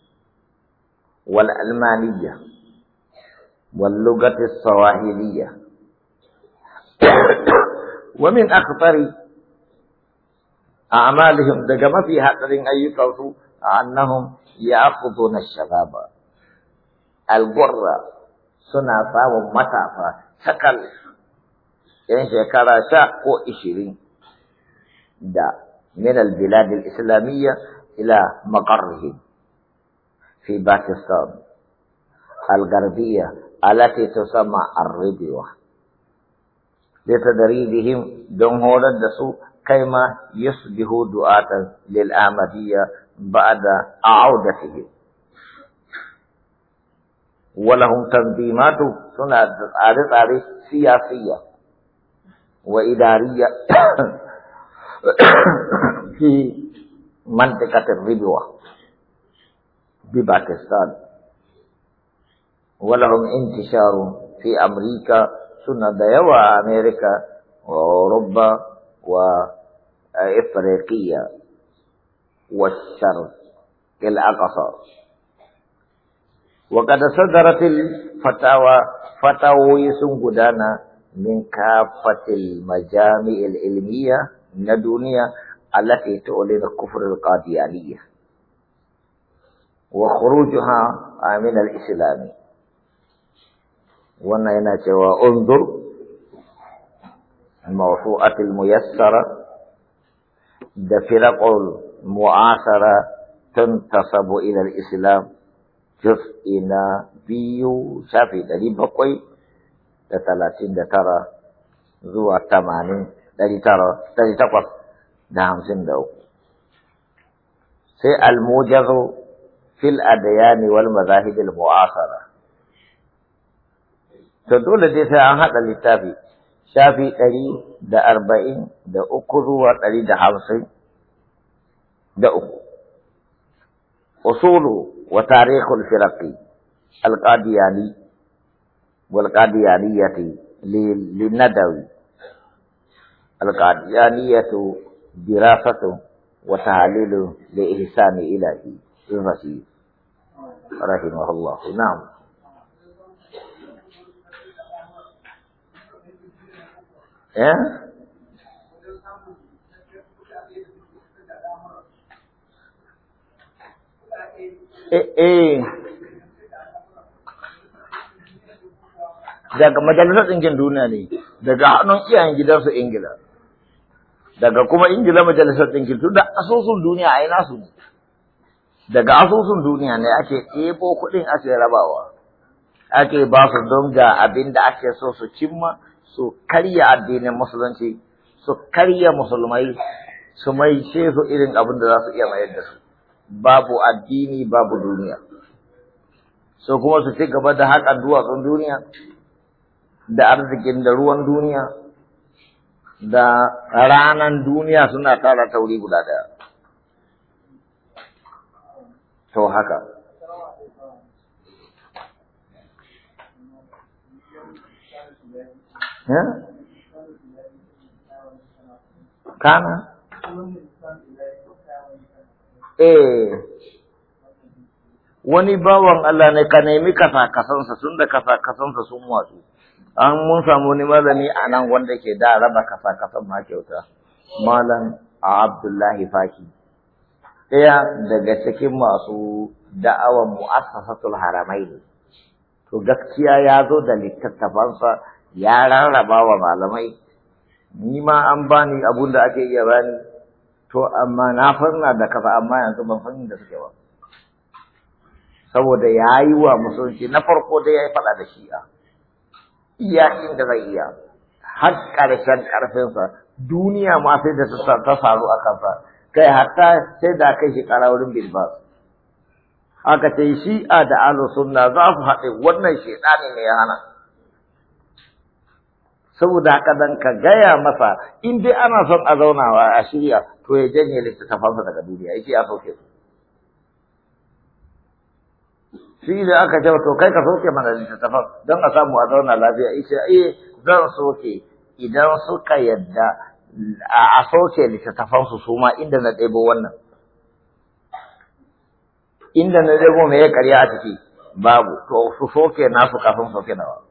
والألمانية واللغة الصواهلية ومن أخطر أعمالهم دقم في حقر أي كوثو أنهم يأخذون الشباب القرى سنافا ومتافا تكل إن شكرا شاقو إشرين دا من البلاد الإسلامية إلى مقرهم في باكستان الغربية التي تسمى الربوة لتدريبهم دون هولد كيما كما يصبحوا دعاة للآمدية بعد عودتهم ولهم تنظيمات سنة عارض سياسية وإدارية في منطقة الربوة بباكستان ولهم انتشار في أمريكا سنة ديوى أمريكا وأوروبا وإفريقيا والشرق الأقصى وقد صدرت الفتاوى فتاوي سنجدانا من كافة المجامع العلمية من الدنيا التي تؤلد كفر القاديانية وخروجها من الإسلام ونينا سوى انظر الموفوءة الميسرة ده فرق المعاصرة تنتصب إلى الإسلام إنا بيو شافي دلي بقوي da talatin ذو tara zuwa ترى دلي tara ɗari takwas da hamsin في الأديان والمذاهب المعاصرة. تدل ديسة أحد الشافعي شافعي تري دا أربعين دا أكرو وتري دا حمسين دا أكو. أصول وتاريخ الفرق القادياني والقاديانية للندوي القاديانية دراسة وتحليل لإحسان إلهي المسيح رحمه الله ya إيه؟ eh, eh daga majalisar ɗinkin duniya ne daga hannun iyayen gidansu ingila daga kuma ingila majalisar ɗinkin duniya asusun duniya a yi nasu ne daga asusun duniya ne ake ɗebo kuɗin ake rabawa ake ba su don ga abin da ake so su cimma su karya addinin musulunci su karya musulmai su mai su irin abin da za su iya mayar da su babu addini babu duniya so kuma su ci gaba da haka duwatsun duniya da arzikin da ruwan duniya da ranan duniya suna tara tauri guda ɗaya to haka eh? kana eh wani bawan Allah ne ka nemi kasa-kasansa sun da kasa-kasansa sun watsu an mun samu wani malami a nan wanda ke da raba kasa-kasan ma kyauta malam abdullahi faki ɗaya daga cikin masu da'awar mu'assasatul haramai ne. To gaskiya ya zo da littattafansa ya rarraba wa malamai, ni ma an bani abun da ake iya bani, to amma na farna da kafa amma yanzu ban fannin da suke ba. Saboda ya yi wa musulunci na farko dai ya yi faɗa da shi'a, iya inda zai iya, har ƙarshen ƙarfinsa, duniya ma sai da ta saru a kansa. kai hatta sai da kai shi kara wurin bilbas aka ce shi a da alu sunna za su haɗe wannan da ne ya hana saboda haka dan ka gaya masa in dai ana son a zaunawa a shirya to ya janye littattafansa daga duniya yake ya sauke su shi da aka ce to kai ka soke mana littattafan don a samu a zauna lafiya ita eh zan soke idan suka yadda a soke littattafansu su ma inda na ɗebo wannan. Inda na ɗebo mai ya a ciki babu, to su soke nasu kafin soke nawa.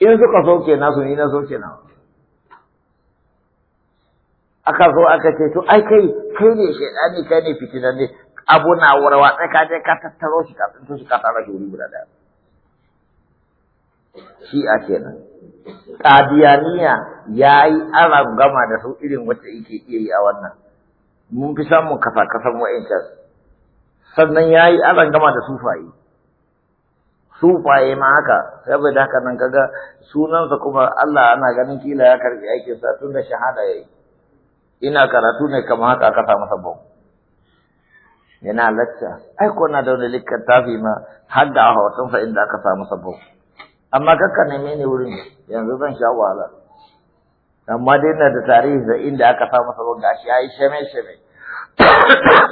In suka soke nasu ni na soke nawa. Aka zo aka ce, to ai kai, kai ne shaidani, kai ne fitinan ne, abu na warwa sai ka je ka tattaro shi ka tsinto shi ka tara shi wuri guda ɗaya. Shi a kenan. Kadiyaniya ya yi aram gama da su irin wacce yake iya yi a wannan. Mun fi samun kasa-kasan wa'incan. Sannan ya yi aram gama da sufaye. Sufaye ma haka, saboda haka nan kaga sunansa kuma Allah ana ganin kila ya karɓi aikinsa tun da shahada ya yi. Ina karatu ne kamar haka aka samu sabon. Yana lacca, ai ko na da wani tafi ma har da a hotonsa inda aka samu sabon. amma kakka ne mene wurin yanzu zan sha wahala amma dai na da tarihi da inda aka samu masa ruwan gashi ya yi sheme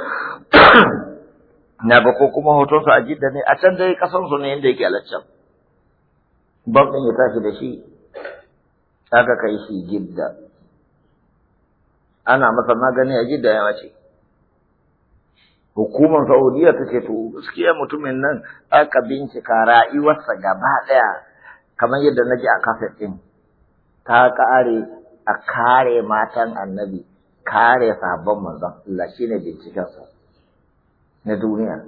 na ga ko kuma su a jidda ne a can dai kasan su ne inda yake alaccan ban ɗin ya tashi da shi aka kai shi jidda ana masa magani a jidda ya wace. hukumar saudiya ta ce to gaskiya mutumin nan aka bincika rayuwarsa gaba daya kamar yadda na ji a kafet ɗin ta ƙare a kare matan annabi kare sabon manzon Allah shine bincikensa na duniya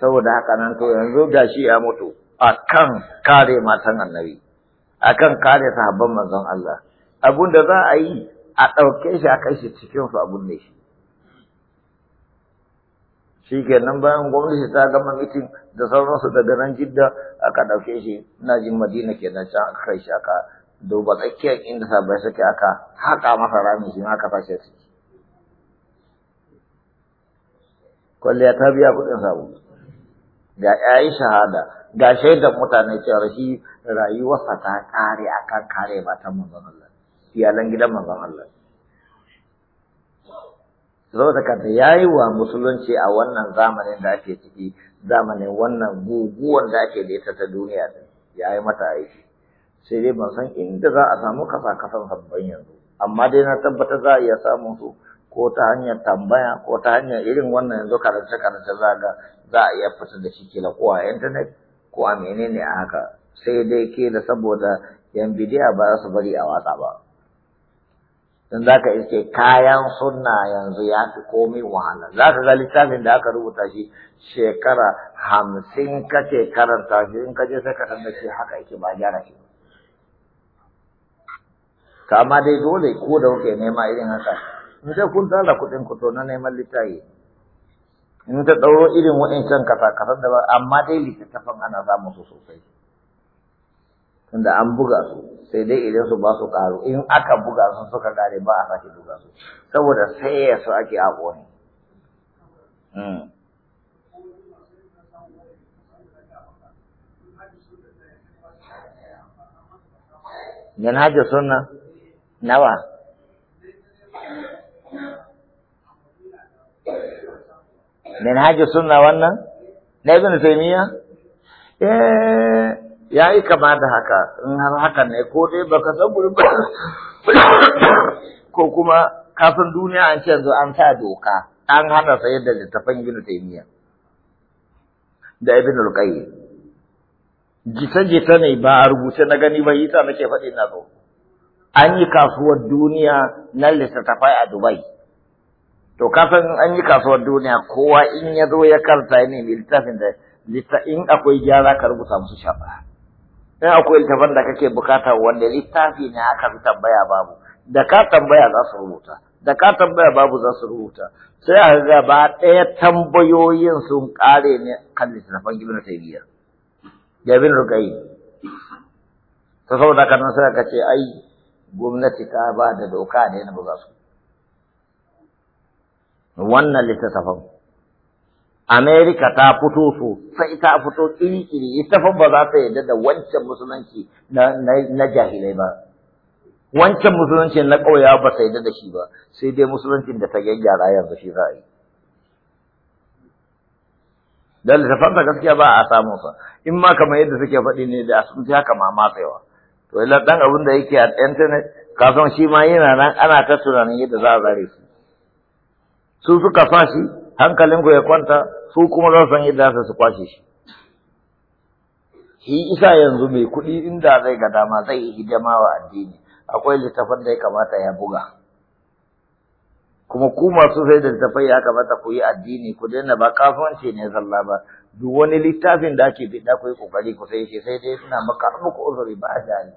saboda haka nan to yanzu gashi ya mutu akan kare matan annabi akan kare sabon manzon Allah abun da za a yi a ɗauke shi a kai shi cikin su abun ne shi shi kenan bayan gwamnati ta gama mitin da sauransu daga nan jidda aka ɗauke shi na jin madina kenan can aka kai shi aka duba tsakiyar inda sabai suke aka haƙa masa rami shi aka fashe su kwalliya ta biya kuɗin sabu ga yayi shahada ga shaidar mutane cewa shi rayuwarsa ta ƙare akan kare matan manzon Allah iyalan gidan manzon Allah saboda ya yayi wa musulunci a wannan zamanin da ake ciki zamanin wannan guguwar da ake da ita ta duniya din yayi mata aiki sai dai ban san inda za a samu kasa kasan sabbin yanzu amma dai na tabbatar za a iya samun su ko ta hanyar tambaya ko ta hanyar irin wannan yanzu karance karance za ga za a iya fita da shi kila ko a intanet ko a menene a haka sai dai ke da saboda yan bidiya ba za su bari a watsa ba. dan za ka iske kayan sunna yanzu ya fi komai wahala za ka ga littafin da aka rubuta shi shekara hamsin kake karanta shi in ka je sai ka san da shi haka yake ba gyara shi kama dai dole ko da kuke nema irin haka in sai kun tsara kuɗin ku to na neman littafi in ta ɗauro irin waɗancan kasa kasar da ba amma dai littattafan ana samu su sosai tunda an buga su sai dai idan su ba su karu in aka buga su suka ƙare ba a sake buga su saboda sai ya su ake a ƙone Yanhajin sunna nawa Manhajus sunna wannan na ibn taymiya eh ya yi kama da haka in har haka ne ko dai baka san gurin ba ko kuma kafin duniya an ce yanzu an sa doka an hana sayar da littafan ibnu taymiya da ibnu al-qayyim jita jita ne ba a rubuce na gani ba yasa nake faɗi na zo an yi kasuwar duniya na littattafai a dubai to kafin an yi kasuwar duniya kowa in ya zo ya karta ne littafin da in akwai gyara ka rubuta musu shafa Sai akwai littafin da kake bukata wanda littafi ne aka fi tambaya babu da ka tambaya za su rubuta da ka tambaya babu za su rubuta sai a gaba ɗaya tambayoyin sun ƙare ne kan littafin ibn biyar da ibn ruqayy ta saboda haka nan sai ka ce ai gwamnati ta ba da doka ne na ba za su wannan littafan Amerika ta fito sosai ta fito kiri-kiri, ita fa ba za ta yarda da wancan musulunci na jahilai ba. Wancan musulunci na ƙauya ba ta yarda da shi ba, sai dai musulunci da ta gyaggyara yanzu shi za a yi. ta fata gaskiya ba a samu sa, in ma kamar yadda suke faɗi ne da sun ta haka mamatsewa. To, ila ɗan abin da yake a intanet, kasan shi ma yana nan ana ta tunanin yadda za a zare su, Su suka sa hankalinku ya kwanta su kuma za su san yadda za su kwashe shi shi isa yanzu mai kuɗi inda zai ga dama zai yi hidima wa addini akwai littafan da ya kamata ya buga kuma ku masu sai da littafai ya kamata ku yi addini ku daina ba kafanci ne sallah ba duk wani littafin da ake bida ku yi kokari ku sai shi sai dai suna maka muku uzuri ba jari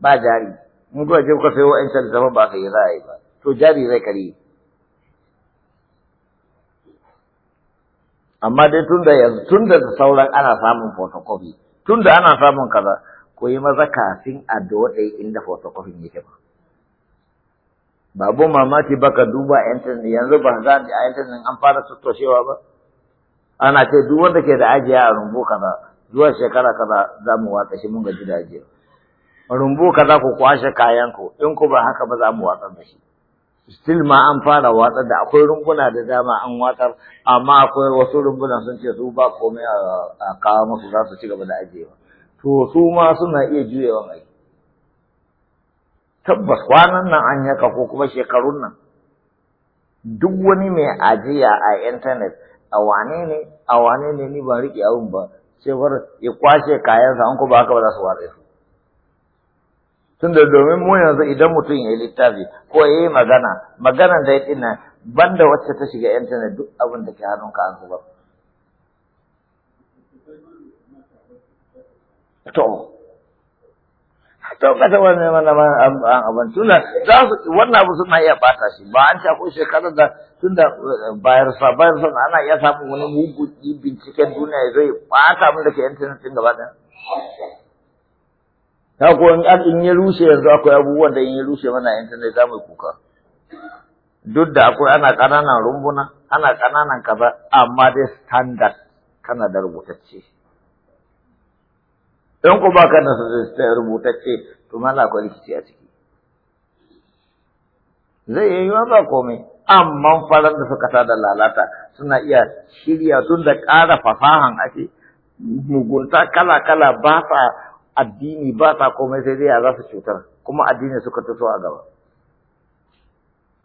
ba jari in kuka je kuka sayo wa'ancan littafan ba ka yi yi ba to jari zai kare amma dai tunda yanzu tunda da sauran ana samun photocopy tunda ana samun kaza ko yi maza kafin a dode inda photocopy yake ba babu mamaki baka duba internet yanzu ba za a internet an fara tattoshewa ba ana ce duk wanda ke da ajiya a rumbu kaza zuwa shekara kaza za mu watsa shi mun ga da rumbu kaza ku kwashe kayan ku in ku ba haka ba za mu watsa da shi still ma an fara watsar da akwai rumbuna da dama an watsar amma akwai wasu rumbuna sun ce su ba komai a kawo musu za su ci gaba da ajiyewa to su ma suna iya juyewa mai tabbas kwanan nan an yaka ko kuma shekarun nan duk wani mai ajiya a intanet a wane ne a wane ne ni ba riƙe abin ba cewar ya kwashe kayansa an ko ba haka ba za su watsa tunda domin mu yanzu idan mutum ya yi littafi ko ya yi magana maganan da ya ɗina banda wacce ta shiga intanet duk abin da ke hannunka an zuba. To, to kasa wani mana ma an abin tunda za su wannan abu suna iya bata shi ba an ta ko shekarar da tunda eh, bayar sa bayar sa ana iya samun wani mugu binciken duniya ya zai, bata abin da ke intanet ɗin gaba ɗaya. Ta ko in ya rushe yanzu akwai abubuwan da in ya rushe mana intanet za mu kuka. Duk da akwai ana kananan rumbuna, ana kananan kaza, amma dai standard kana da rubutacce. In ku ba ka da rubutacce, to mana akwai rikici a ciki. Zai yi yiwuwa ba komai, amma farar da suka tada lalata suna iya shirya tun da ƙara fasahan ake, mugunta kala-kala ba sa addini ba sa komai sai zai za su cutar kuma addini suka taso a gaba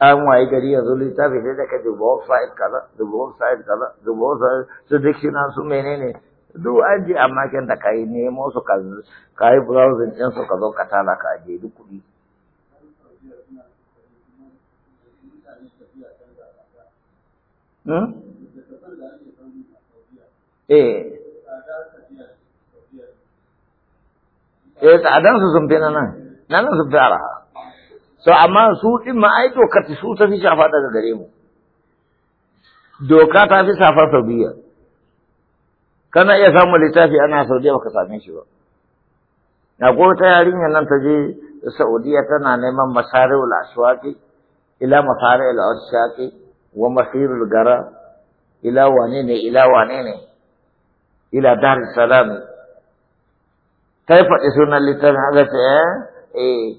an waye gari yanzu littafi sai da ka duba website kaza duba website kaza duba website su dictionary su menene duk an je amma kin da ka yi nemo su ka yi browsing ɗin su ka zo ka tala ka ajiye duk kuɗi hmm? Eh, eh tsadan su sun fina nan nan sun fi so amma su din ma ai su ta fi shafa daga gare mu doka ta fi safar saudiya kana iya samun littafi ana saudiya baka same shi ba na ko ta yarinya nan ta je saudiya tana neman masarul aswaqi ila masarul aswaqi wa masirul gara ila wane ne ila wane ne ila dar salam kai faɗi sunan littafin haka eh. ce e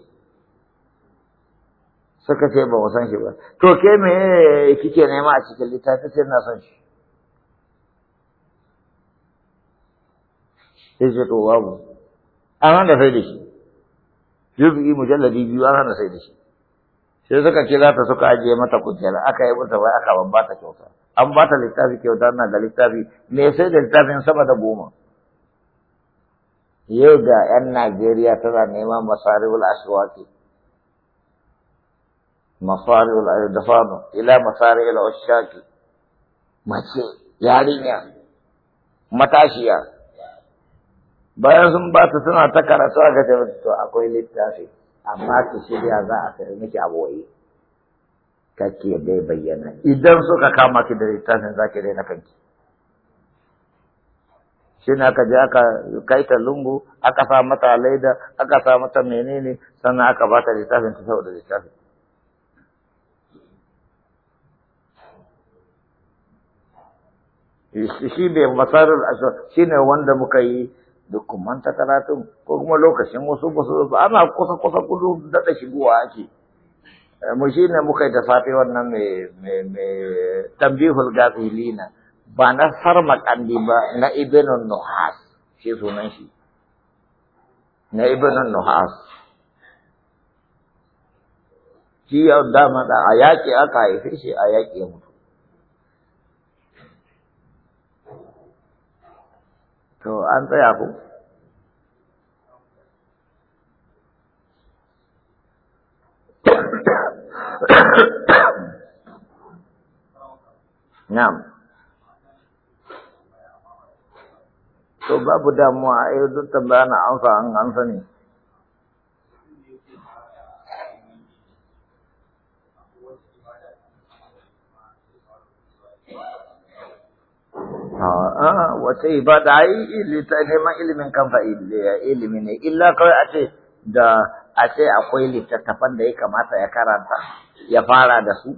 suka ce ba san shi ba to ke me kike nema a cikin littafin ce na san shi sai ce to babu an hana sai da shi juzu'i mujalladi biyu an hana sai da shi sai suka za ta suka ajiye mata kujera aka yi mata bai aka ban ba ta kyauta an ba ta littafi kyauta na da littafi me sai da littafin sama da goma yau da 'yan Najeriya tana neman masaribul ashwaki masaribul dafanu ila masaribul ashaki mace yarinya matashiya bayan sun ba su suna ta karatu a gajar to akwai littafi amma ki shirya za a fi miki a boye kake dai bayyana idan suka kama ki da littafin za ki daina kanki shi ne aka je aka kai ta lungu aka sa mata laida aka sa mata menene sannan aka ba ta littafin ta saboda littafin shi ne masarar ashar shi ne wanda muka yi dukkan manta karatun ko kuma lokacin wasu wasu ana kusa kusa kudu daɗa shigowa ake eh, mu shi ne muka yi da safe wannan mai tambihul lina ba na sarmakandi ba na ibinun nuhas shi sunan shi na ibinun nuhas shi ya dama da a yaƙi aka haife shi a yaƙi mutu to an tsaya ku Na'am. to babu damuwa a yau duk tambaya na amsa an an sani a'a ah, a ah, ibada ai ta neman ilimin kamfa ilimi ne illa kawai a ce da a ce akwai littattafan da ya kamata ya karanta ya fara da su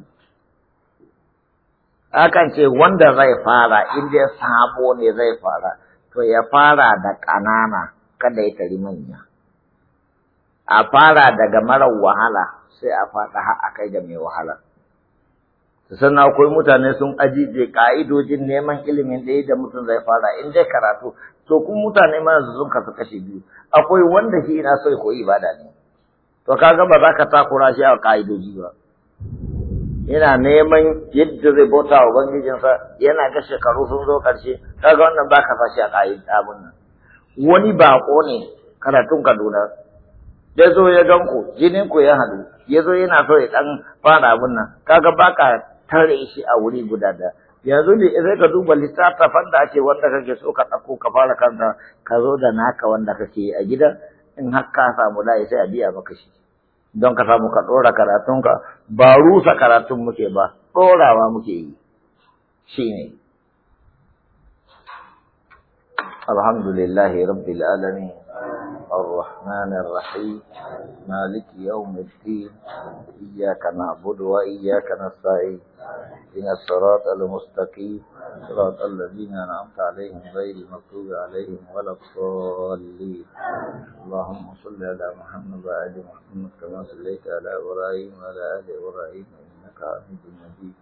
akan ce wanda zai fara inda sabo ne zai fara to ya fara da ƙanana kada ya tari manya. A fara daga marar wahala sai a faɗa a kai da mai wahala. Sannan akwai mutane sun ajiye ƙa'idojin neman ilimin ɗaya da mutum zai fara in dai karatu, to kun mutane ma yanzu sun kasu kashe biyu, akwai wanda shi ina so ya koyi ibada ne. To kaga ba za ka takura shi a ƙa'idoji ba. yana neman yadda zai bauta wa ubangijinsa yana ga shekaru sun zo ƙarshe kaga wannan baka fashi a ƙayin abun nan wani baƙo ne karatun Kaduna ya zo ya gan ku jinin ku ya hadu ya zo yana so ya dan fara abun nan kaga baka tare shi a wuri guda da yanzu ne sai ka duba littattafan da ake wanda kake so ka ɗauko ka fara kanka ka zo da naka wanda kake a gidan, in har ka samu layi sai a biya maka shi don ka samu ka ɗora karatunka ba rusa karatun muke ba ɗorawa muke yi shi ne alhamdulillahi rabbil alamin الرحمن الرحيم مالك يوم الدين إياك نعبد وإياك نستعين إن الصراط المستقيم صراط الذين أنعمت عليهم غير المغضوب عليهم ولا الضالين اللهم صل على محمد وعلى محمد كما صليت على إبراهيم وعلى آل إبراهيم إنك حميد مجيد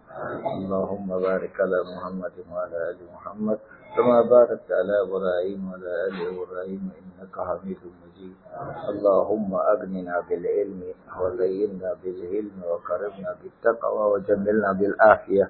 اللهم بارك على محمد وعلى آل محمد كما باركت على إبراهيم وعلى آل إبراهيم إنك حميد مجيد اللهم أغننا بالعلم وزينا بالعلم وكرمنا بالتقوى وجملنا بالعافية